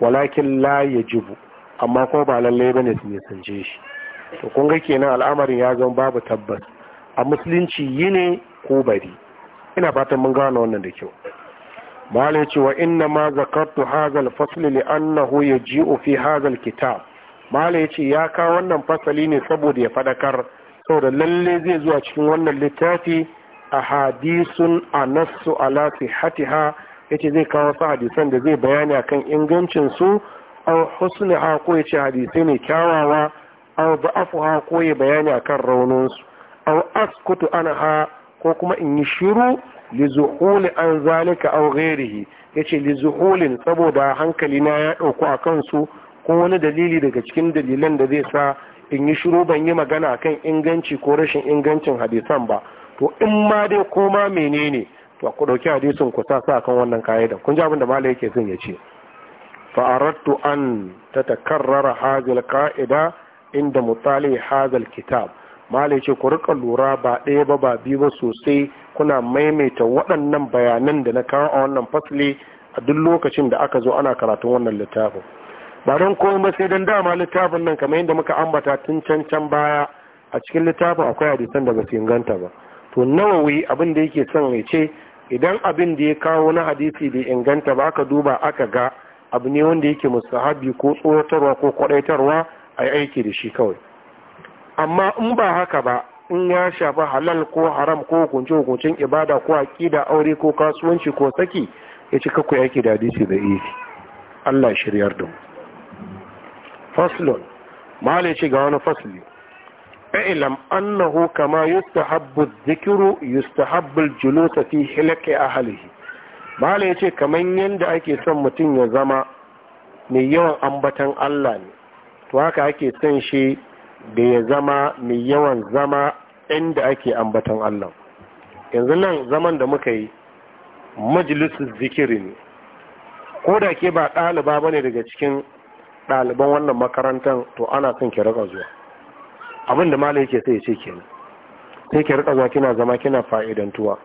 walakin la jibu amma ko ba lalle ne su nisance shi to kun ga kenan al'amarin ya zama babu tabbas a musulunci yi ne ko bari ina fatan mun gane wannan da kyau malai ce wa inna ma zakartu hazal fasli li annahu yaji'u fi hazal kitab malai ce ya kawo wannan fasali ne saboda ya fadakar saboda lalle zai zuwa cikin wannan littafi a hadisun a nassu ala sihatiha yace zai kawo wasu hadisan da zai bayani akan ingancin su aw husniha ko yace hadisai ne kyawawa aw da'afuha ko ya bayani akan rauninsu aw askutu anha ko kuma in yi shiru li zuhuli an zalika aw ghairihi yace li zuhulin saboda hankali na ya dauko akan su ko wani dalili daga cikin dalilan da zai sa in yi shiru ban yi magana akan inganci ko rashin ingancin hadisan ba to in ma dai koma menene to ku dauki hadisin ku sa sa kan wannan kaida kun ji abin da malai yake son ya ce fa aradtu an tatakarrara hadhihi alqa'ida inda mutali hazal kitab mali ce ku rika lura ba ɗaya ba ba biyu ba sosai kuna maimaita waɗannan bayanan da na kawo a wannan fasli a duk lokacin da aka zo ana karatun wannan littafin ba don komai ba sai don dama littafin nan kamar yadda muka ambata tun can can baya a cikin littafin akwai hadisan da ba su inganta ba to nawawi abin da yake son ya ce idan abin da ya kawo na hadisi bai inganta ba aka duba aka ga abu ne wanda yake mustahabi ko tsoratarwa ko kwadaitarwa a aiki da shi kawai amma in ba haka ba in ya shafa halal ko haram ko hukunce hukuncin ibada ko aƙida aure ko kasuwanci ko saki ya ci kakwai aiki da hadisi da isi Allah shiryar da mu faslon malai ce ga wani fasli ilam annahu kama yustahabbu dhikru Habu al ta fi hilqi ahlihi malai ce kamar yadda ake son mutum ya zama mai yawan ambatan Allah ne to haka ake son shi da ya zama mai yawan zama inda ake ambaton Allah yanzu nan zaman da muka yi majalisun zikiri ne ko da ke ba ɗaliba ba ne daga cikin ɗaliban wannan makarantar to ana son ki raka zuwa abin da malam yake sai ya ce kenan sai ki raka zuwa kina zama kina fa'idantuwa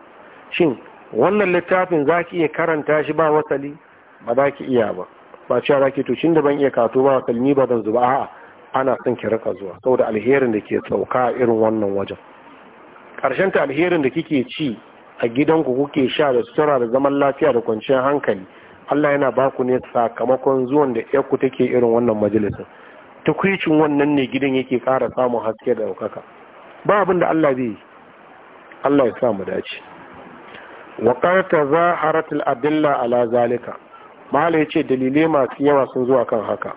shin wannan littafin za ki iya karanta shi ba wasali ba za ki iya ba ba cewa zaki to da ban iya kato ba kalmi ba zan zuba a'a ana son ki rika zuwa saboda alherin da ke sauka irin wannan wajen karshen ta alherin da kike ci a gidanku kuke sha da sutura da zaman lafiya da kwanciyar hankali Allah yana ba ku ne sakamakon zuwan da ku take irin wannan majalisin tukwicin wannan ne gidan yake ƙara samun haske da ɗaukaka ba abin da Allah zai Allah ya sa mu dace wa qarta zaharatul adilla ala zalika mahala ya ce dalilai masu yawa sun zuwa kan haka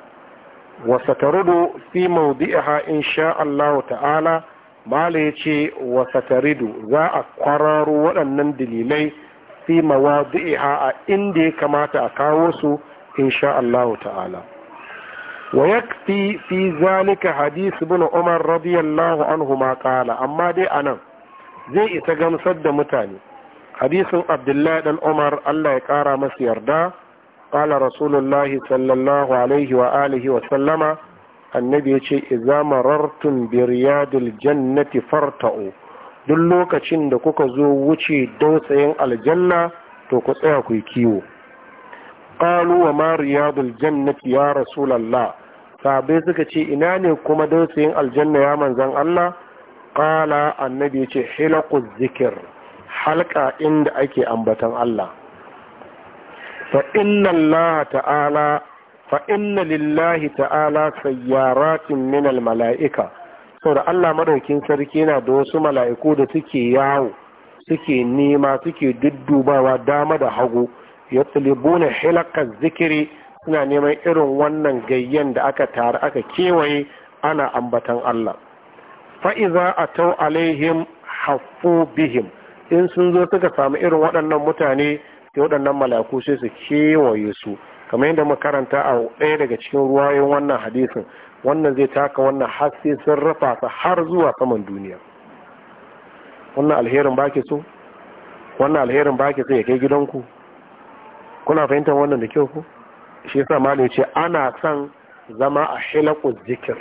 wasa tarudu fi maudi'aha insha Allah ta'ala mahala ya ce wasa taridu za a kwararo waɗannan dalilai fi mawadi'aha a inda ya kamata a kawo su insha Allah ta'ala wa yakfi fi zalika hadith ibn Umar radiyallahu anhu ma qala amma dai anan zai isa gamsar da mutane hadisin Abdullahi dan Umar Allah ya kara masu yarda Ƙala رسول الله صلى الله عليه وآله وسلم annabi ya ce iza marartun biriyadil jannati farta'u duk lokacin da kuka zo wuce dautsayin aljanna to ku tsaya kuyi kiwo qalu wa ma riyadul jannati ya rasulullah sahabbai suka ce ina ne kuma dautsayin aljanna ya manzan Allah ƙala annabi ya ce hilaquz zikr halka inda ake ambatan Allah fa inna Allah ta'ala fa inna lillahi ta'ala sayyaratin min mala'ika saboda Allah madaukin sarki yana da wasu mala'iku da suke yawo suke nema suke duddubawa dama da hagu ya na hilakan zikiri suna neman irin wannan gayyan da aka tare aka kewaye ana ambatan Allah fa'iza a tau alaihim hafu bihim in sun zo suka samu irin waɗannan mutane waɗannan malaku sai su kewaye su kamar yadda makaranta a ɗaya daga cikin ruwayoyin wannan hadisin wannan zai taka wannan har sai sun rafa su har zuwa saman duniya wannan alherin baki so wannan alherin baki so ya kai gidanku kuna fahimtar wannan da kyau ku shi yasa malam ce ana son zama a hilaku zikir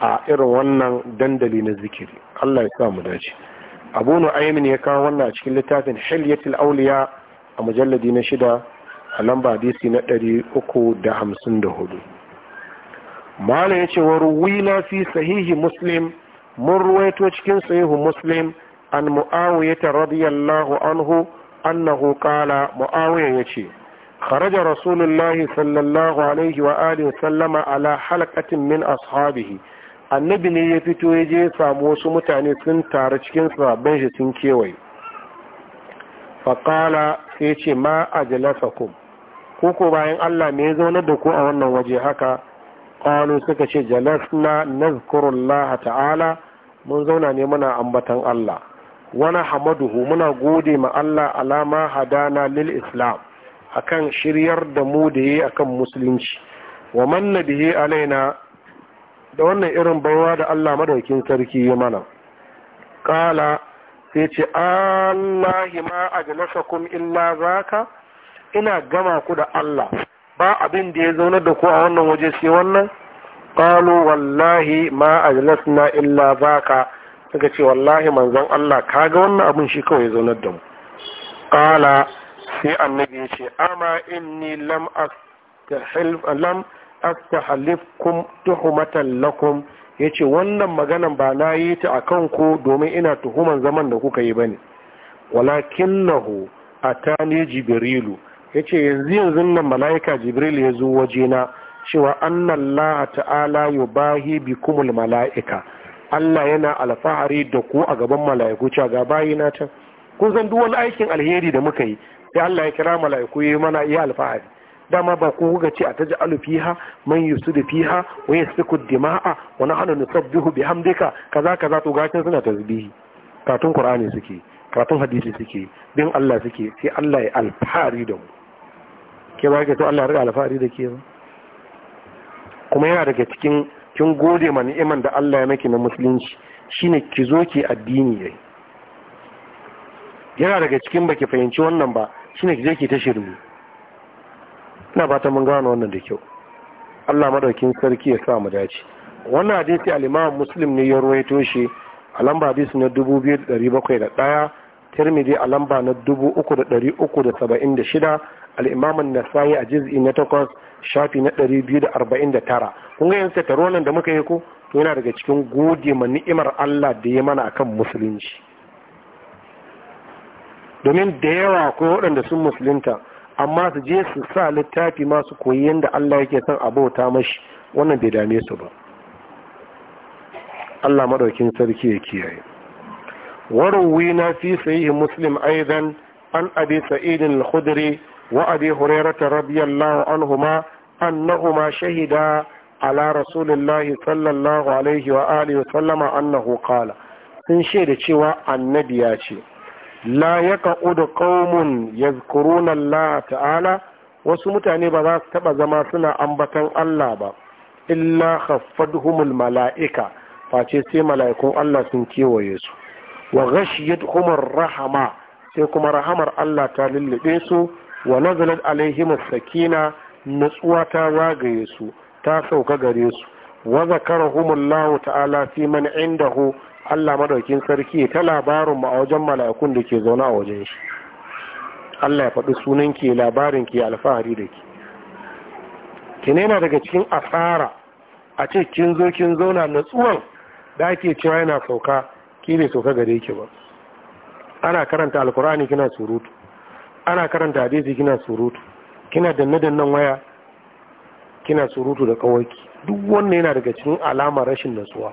a irin wannan dandali na zikiri Allah ya sa mu dace Abu Nu'aymin ya kawo wannan a cikin littafin Hilyatul Awliya a mujalladi na shida a lamba hadisi na ɗari uku da hamsin da hudu malam ya ce wa ruwila fi sahihi muslim mun ruwaito cikin sahihu muslim an mu'awiyata radiyallahu anhu annahu qala mu'awiya yace خرج رسول الله صلى wa عليه وآله sallama ala halakatin min ashabihi annabi ne ya fito ya je samu wasu mutane sun taru cikin sabbin shi sun kewaye faƙala sai ya ce ma ajlasakum ko ko bayan Allah me ya zaunar da ku a wannan waje haka qalu suka ce jalasna nazkurullah ta'ala mun zauna ne muna ambatan Allah wani hamaduhu muna gode ma Allah alama hadana lil islam akan shiryar da mu da yi akan musulunci wa manna bihi alaina da wannan irin baiwa da Allah madaukin sarki ya mana ƙala. sai ce Allah ma kuma illa za ka ina gama ku da allah ba abin da ya zaunar da ku a wannan waje sai wannan qalu wallahi ma a na illa za ka suka ce wallahi manzon Allah kaga wannan abin shi kawai zaunar da mu Ƙala sai annabi ya ce amma inni lam astahil lam astahlifkum lakum ya ce wannan maganan ba na yi ta a kanku domin ina tuhuman zaman da kuka yi ba ne walakin nahu a ta ne jibrilu ya ce yanzu yanzu nan mala'ika jibril ya zo wajena cewa annan laha ta'ala ya bahi bi kumul mala'ika allah yana alfahari da ku a gaban mala'iku cewa ga bayi na can kun san duk wani aikin alheri da muka yi sai allah ya kira mala'iku ya mana iya alfahari dama ba ko kuka ce a taji alu fiha man yusu da fiha wa yasfiku dima'a wa nahnu nusabbihu bihamdika kaza kaza to gashin suna tasbihi katun qur'ani suke katun hadisi suke din Allah suke sai Allah ya alfahari da mu ke ba ke to Allah ya alfahari da ke kuma yana daga cikin kin gode ma ni'iman da Allah ya maki na musulunci shine ki zo ki addini yayi yana daga cikin baki fahimci wannan ba shine ki je ki ta shirme ina fata mun gano wannan da kyau Allah madaukin sarki ya sa mu dace wannan hadisi al-Imam Muslim ne ya rawaito shi a lamba hadisi na 2701 Tirmidhi a lamba na 3376 al-Imam An-Nasa'i a juz'i na 8 shafi na 249 kun ga yanzu taro nan da muka yi ko to yana daga cikin gode ma ni'imar Allah da ya mana akan musulunci domin da yawa akwai waɗanda sun musulunta amma su je su sa littafi masu koyi yadda Allah yake son a bauta mashi wannan bai dame su ba Allah maɗaukin sarki ya kiyaye warawi na fi sayi muslim aidan an abi sa'idin al wa abi hurairata radiyallahu anhuma annahuma shahida ala rasulillah sallallahu alaihi wa wa sallama annahu qala sun shaida cewa annabi ya ce la yaqudu qaumun yazkuruna Allah ta'ala wasu mutane ba za su taɓa zama suna ambatan Allah ba illa khaffaduhumul mala'ika face sai mala'ikun Allah sun kewaye su wa ghashiyatuhumur rahama sai kuma rahamar Allah ta lullube su wa nazalat alaihimus sakina nutsuwa ta zagaye su ta sauka gare su wa zakarahumullahu ta'ala fi man indahu Allah madaukin sarki ta labarin ma a wajen mala'ikun da ke zaune a wajen shi Allah ya faɗi sunan ke labarin ke alfahari da ke ki nema daga cikin asara a ce kin zo kin zauna natsuwan da ake cewa yana sauka ki bai sauka gare ki ba ana karanta alkur'ani kina surutu ana karanta hadisi kina surutu kina danne dannan waya kina surutu da kawaki duk wannan yana daga cikin alamar rashin natsuwa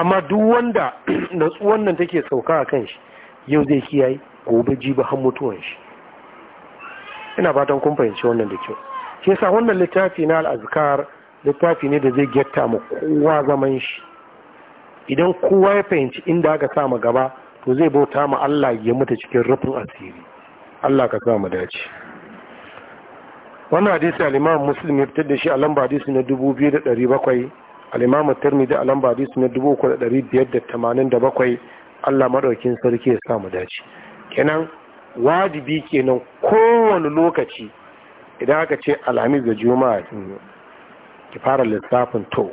amma duk wanda natsuwan nan take sauka a kan shi yau zai kiyaye gobe ba har mutuwan shi ina fatan kun fahimci wannan da kyau Ke sa wannan littafi na al'azkar littafi ne da zai getta ma kowa zaman shi idan kowa ya fahimci inda aka sa ma gaba to zai bauta ma Allah ya mutu cikin rufin asiri Allah ka sa mu dace wannan hadisi al-Imam Muslim ya fitar da shi a lamba hadisi na 2700 al-imam at dari biyar da tamanin da bakwai. Allah madaukin sarki ya sa mu dace kenan wajibi kenan kowane lokaci idan aka ce alhamis da juma'a ki fara lissafin to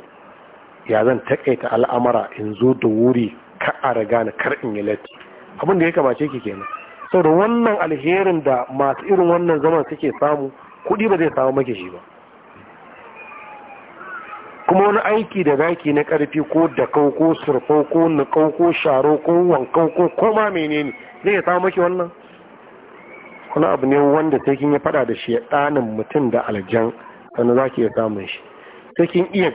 ya zan takaita al'amara in zo da wuri ka a na kar in yi latti abin da ya kamace ki kenan saboda wannan alherin da masu irin wannan zaman suke samu kuɗi ba zai samu makishi ba kuma wani aiki da zaki na karfi ko da kauko surfau ko na kauko sharo ko wankau ko koma menene zai ya samu maki wannan wani abu ne wanda sai kin ya fada da shi ɗanin mutum da aljan sannan za ki iya samun shi sai kin iya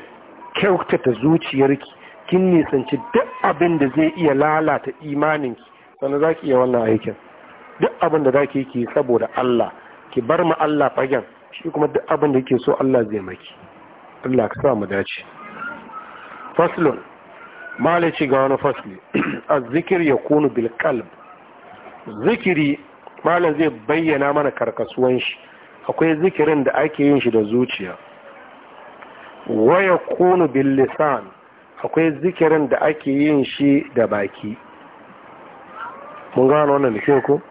kyautata zuciyarki kin nisanci duk abin da zai iya lalata imaninki sannan za ki iya wannan aikin duk abin da za ki yi saboda Allah ki bar ma Allah fagen shi kuma duk abin da yake so Allah zai maki Allah ka sa mu dace faslun malici ga wani fasli zikir ya kunu bilkalb. zikiri malam zai bayyana mana karkasuwan shi akwai zikirin da ake yin shi da zuciya waya kunu bil akwai zikirin da ake yin shi da baki mun gano wannan da ko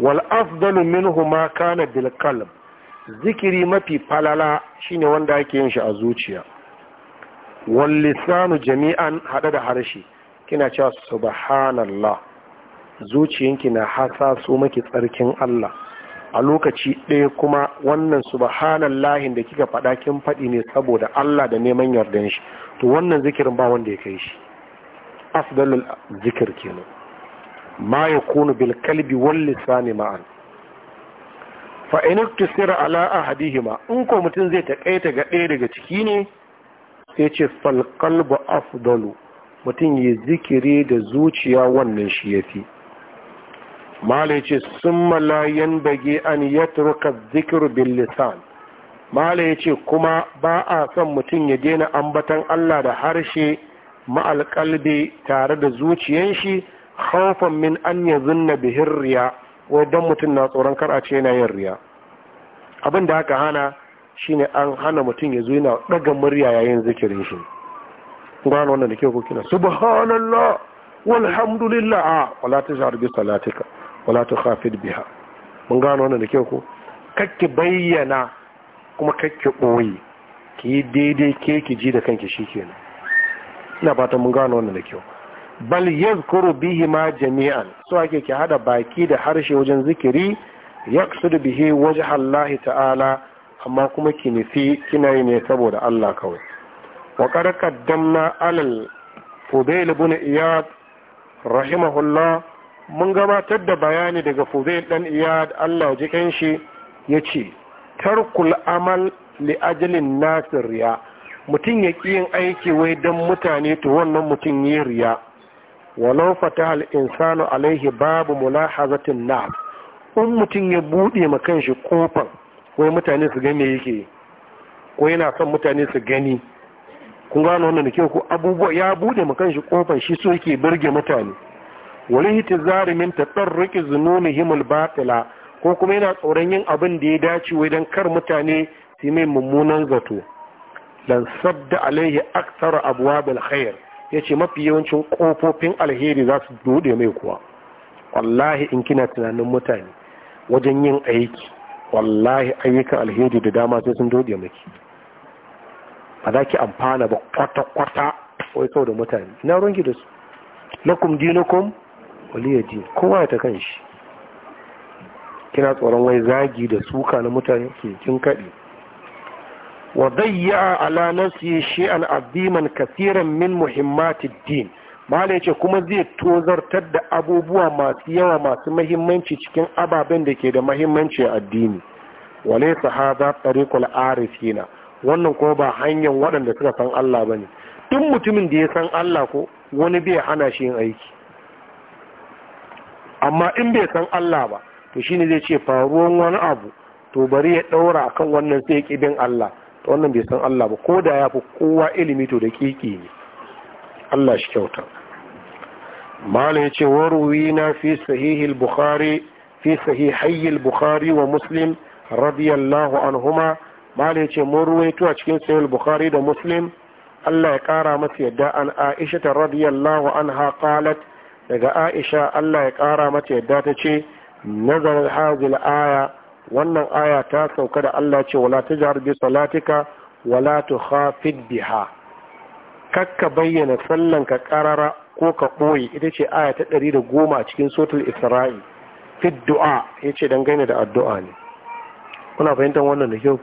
wal afdalu minhu ma kana bilkalb. zikiri mafi falala shine wanda ake yin shi a zuciya wal jami'an hada da harshe kina cewa subhanallah zuciyanki na hasaso maki tsarkin Allah a lokaci ɗaya kuma wannan subhanallahin da kika faɗa kin faɗi ne saboda Allah da neman yardan shi to wannan zikirin ba wanda ya kai shi afdalul zikir kenan ma yakunu bil kalbi wal lisani ma'an fa inuktisir ala ahadihima in ko mutum zai taƙaita ga ɗaya daga ciki ne sai ce fal qalbu afdalu mutum ya zikiri da zuciya wannan shi yafi malai ce summa la bage an yatruka dhikru bil lisan malai ya ce kuma ba a son mutum ya daina ambatan Allah da harshe ma'alƙalbe tare da zuciyan shi khawfan min an yazunna bihin riya wai don mutum na tsoron kar a ce yana yin riya abin da aka hana shine an hana mutum ya zo yana daga murya yayin zikirin shi gano wannan da ke ko kina subhanallah walhamdulillah ah, wala tajhar bi salatika wala tukhafid biha mun gano wannan da ke ko kakki bayyana kuma kakki boye ki daidai ke ki ji da kanki shi shikenan ina fatan mun gano wannan da kyau bal yadhkuru bihi ma jami'an so ake ki hada baki da harshe wajen zikiri yaqsudu bihi wajha Allah ta'ala amma kuma ki nufi kina yi ne saboda Allah kawai wa qad qaddamna alal fudail ibn iyad rahimahullah mun gabatar da bayani daga fudail dan iyad Allah ji kan shi yace tarkul amal li ajlin nasir ya mutum ya ƙi yin aiki wai don mutane to wannan mutum yi riya walau fatahal insanu alaihi babu mulahazatin na in mutum ya buɗe ma shi kofan wai mutane su gani yake ko yana son mutane su gani kun gano wannan kyau ku? abubuwa ya buɗe ma shi kofan shi so yake birge mutane wani ta hitizari riƙe zunoni himul batila ko kuma yana tsoron yin abin da ya dace wai idan kar mutane su mai mummunan zato Dan sabda alaihi aktsara abwabil khair ya ce mafi yawancin kofofin alheri za su dode mai kuwa wallahi in kina tunanin mutane wajen yin aiki wallahi ayyukan alheri da dama sai sun dode maki ba za ki amfana ba kwata-kwata wai sau da mutane ina rungi da su lakum dinukum waliya din kowa ya ta kan shi kina tsoron wai zagi da suka na mutane ke kin kaɗe وضيع على نفسه شيئا عظيما كثيرا من مهمات الدين malai ce kuma zai tozartar da abubuwa masu yawa masu mahimmanci cikin ababen da ke da mahimmanci a addini wale sahaba tariqul arifina wannan ko ba hanyar waɗanda suka san Allah bane duk mutumin da ya san Allah ko wani bai hana shi aiki amma in bai san Allah ba to shine zai ce faruwan wani abu to bari ya ɗaura akan wannan sai ya Allah to wannan bai san Allah ba ko da ya fi kowa ilimi to da kiki ne Allah shi kyauta mala ya ce warwina fi sahihil bukhari fi al bukhari wa muslim radiyallahu anhuma mala ya ce mun ruwaito a cikin sahihil bukhari da muslim Allah ya kara masa yadda an Aisha ta radiyallahu anha qalat daga Aisha Allah ya kara mata yadda ta ce nazar hazil aya wannan aya ta sauka da Allah ce wala tajhar bi salatika wala tukhafid biha kakka bayyana ka karara ko ka koyi ita ce aya ta ɗari da goma cikin sotul isra'i fit du'a ya ce dangane da addu'a ne kuna fahimtar wannan da kyau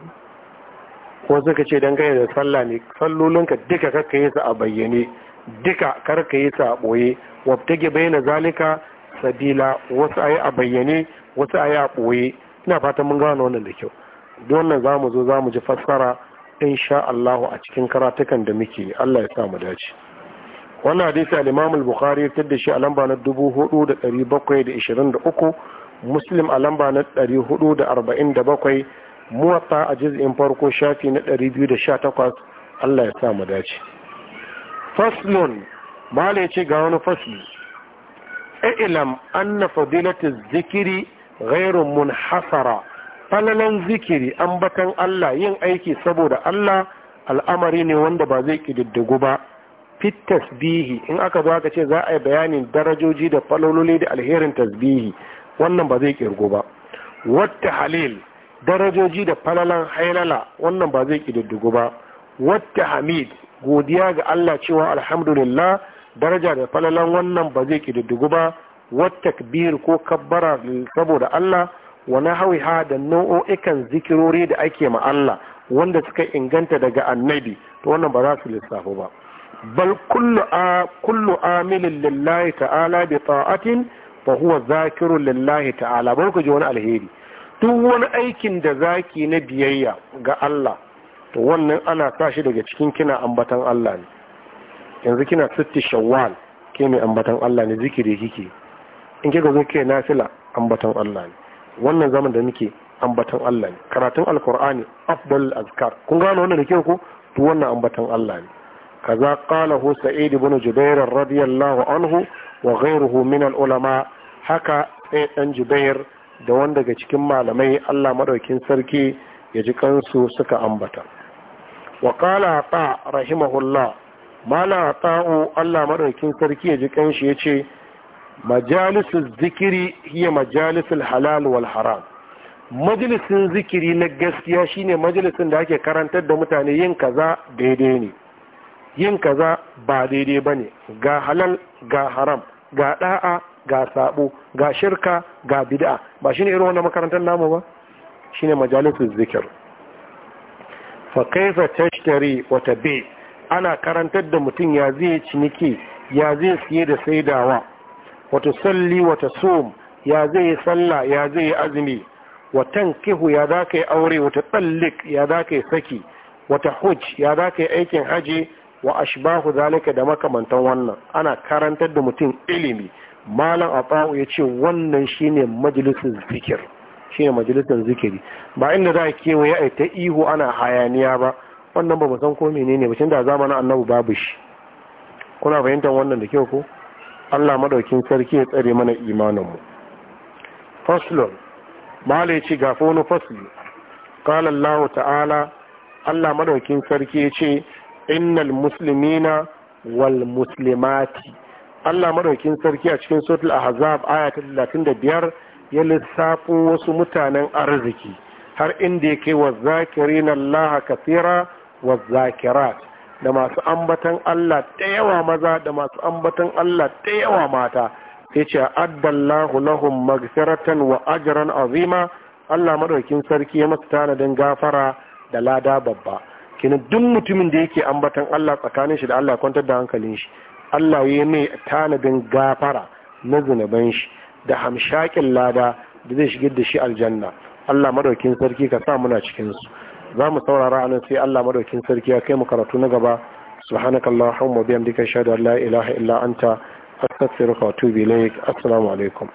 ko suka ce dangane da sallah ne sallolinka duka kakka yi su a bayyane duka karka yi su a ɓoye wabtage bayyana zalika sabila wasu ayi a bayyane wasu ayi a ɓoye ina fatan mun gane wannan da kyau duk wannan za mu zo za mu ji fassara insha Allahu a cikin karatukan da muke Allah ya sa mu dace wannan hadisi al-Imam al-Bukhari ya da shi a lamba na 4723 Muslim a lamba na 447 Muwatta a juz'in farko shafi na 218 Allah ya sa mu dace faslun malai ce ga wani fasli ilam anna fadilatu zikiri ghairun munhasara falalan zikiri an batan Allah yin aiki saboda Allah al'amari ne wanda ba zai kididdigu ba fit tasbihi in aka zo aka ce za a yi bayanin darajoji da falololi da alherin tasbihi wannan ba zai kirgo ba wata halil darajoji da falalan hailala wannan ba zai kididdigu ba wata hamid godiya ga Allah cewa alhamdulillah daraja da falalan wannan ba zai kididdigu ba والتكبير ko kabbara saboda Allah wani nahawiha da nau'o'ikan zikirori da ake ma Allah wanda suka inganta daga annabi to wannan ba za su lissafu ba bal kullu a kullu amilin lillahi ta'ala bi ta'atin fa huwa zakirun lillahi ta'ala bar ku ji wani alheri duk wani aikin da zaki na biyayya ga Allah to wannan ana sa shi daga cikin kina ambatan Allah ne yanzu kina sitti shawwal ke mai ambatan Allah ne zikiri kike in kika zo ke nafila ambaton Allah ne wannan zaman da muke ambaton Allah ne karatun alkur'ani afdal azkar kun gano wannan da kyau ko to wannan ambaton Allah ne kaza hu sa'id ibn jubair radiyallahu anhu wa ghayruhu min ulama haka sai dan jubair da wanda daga cikin malamai Allah madaukin sarki ya ji kansu suka ambata wa qala ta rahimahullah mala ta'u Allah madaukin sarki ya ji kanshi ce. majalisul zikiri hiya majalisul halal wal haram zikiri na gaskiya shine majalisin da ake karantar da mutane yin kaza daidai ne yin kaza ba daidai ba ne ga halal ga haram ga da'a ga sabo ga shirka ga bid'a ba shine irin wannan makarantar namu ba shine majalisun zikir fa kaifa tashtari wa tabi ana karantar da mutum ya zai ciniki ya zai siye da saidawa wata salli wata som ya zai yi sallah ya zai yi azumi watan kihu ya za ka yi aure wata tsallik ya za ka yi saki wata huj ya za ka yi aikin haji wa ashbahu zalika da makamantan wannan ana karantar da mutum ilimi malam ata'u ya ce wannan shine majalisun zikir shine majalisun zikiri ba inda za a kewaye a ta ihu ana hayaniya ba wannan ba mu san ko menene ba tun da zamanin annabi babu shi kuna fahimtar wannan da kyau ko Allah madaukin sarki ya tsare mana imaninmu faslun mahala ya ce gafa wani fasli ƙalar Allah ta'ala Allah madaukin sarki ya ce innal muslimina wal muslimati Allah madaukin sarki a cikin sotul ahzab aya da 35 ya lissafo wasu mutanen arziki har inda ya kai wa zakirin Allah kafira wa zakirat da masu ambatan Allah ta yawa maza da masu ambatan Allah ta yawa mata sai ce adballahu lahum magfiratan wa ajran azima Allah madaukin sarki ya masa tanadin gafara da lada babba kina duk mutumin da yake ambatan Allah tsakanin shi da Allah kwantar da hankalin shi Allah ya mai tanadin gafara na zunuban shi da hamshakin lada da zai shigar da shi aljanna Allah madaukin sarki ka sa muna cikin su za mu saurara a nan sai Allah madaukin sarki ya kai mu karatu na gaba subhanakallahumma wa bihamdika ashhadu an la ilaha illa anta astaghfiruka wa atubu ilaik assalamu alaikum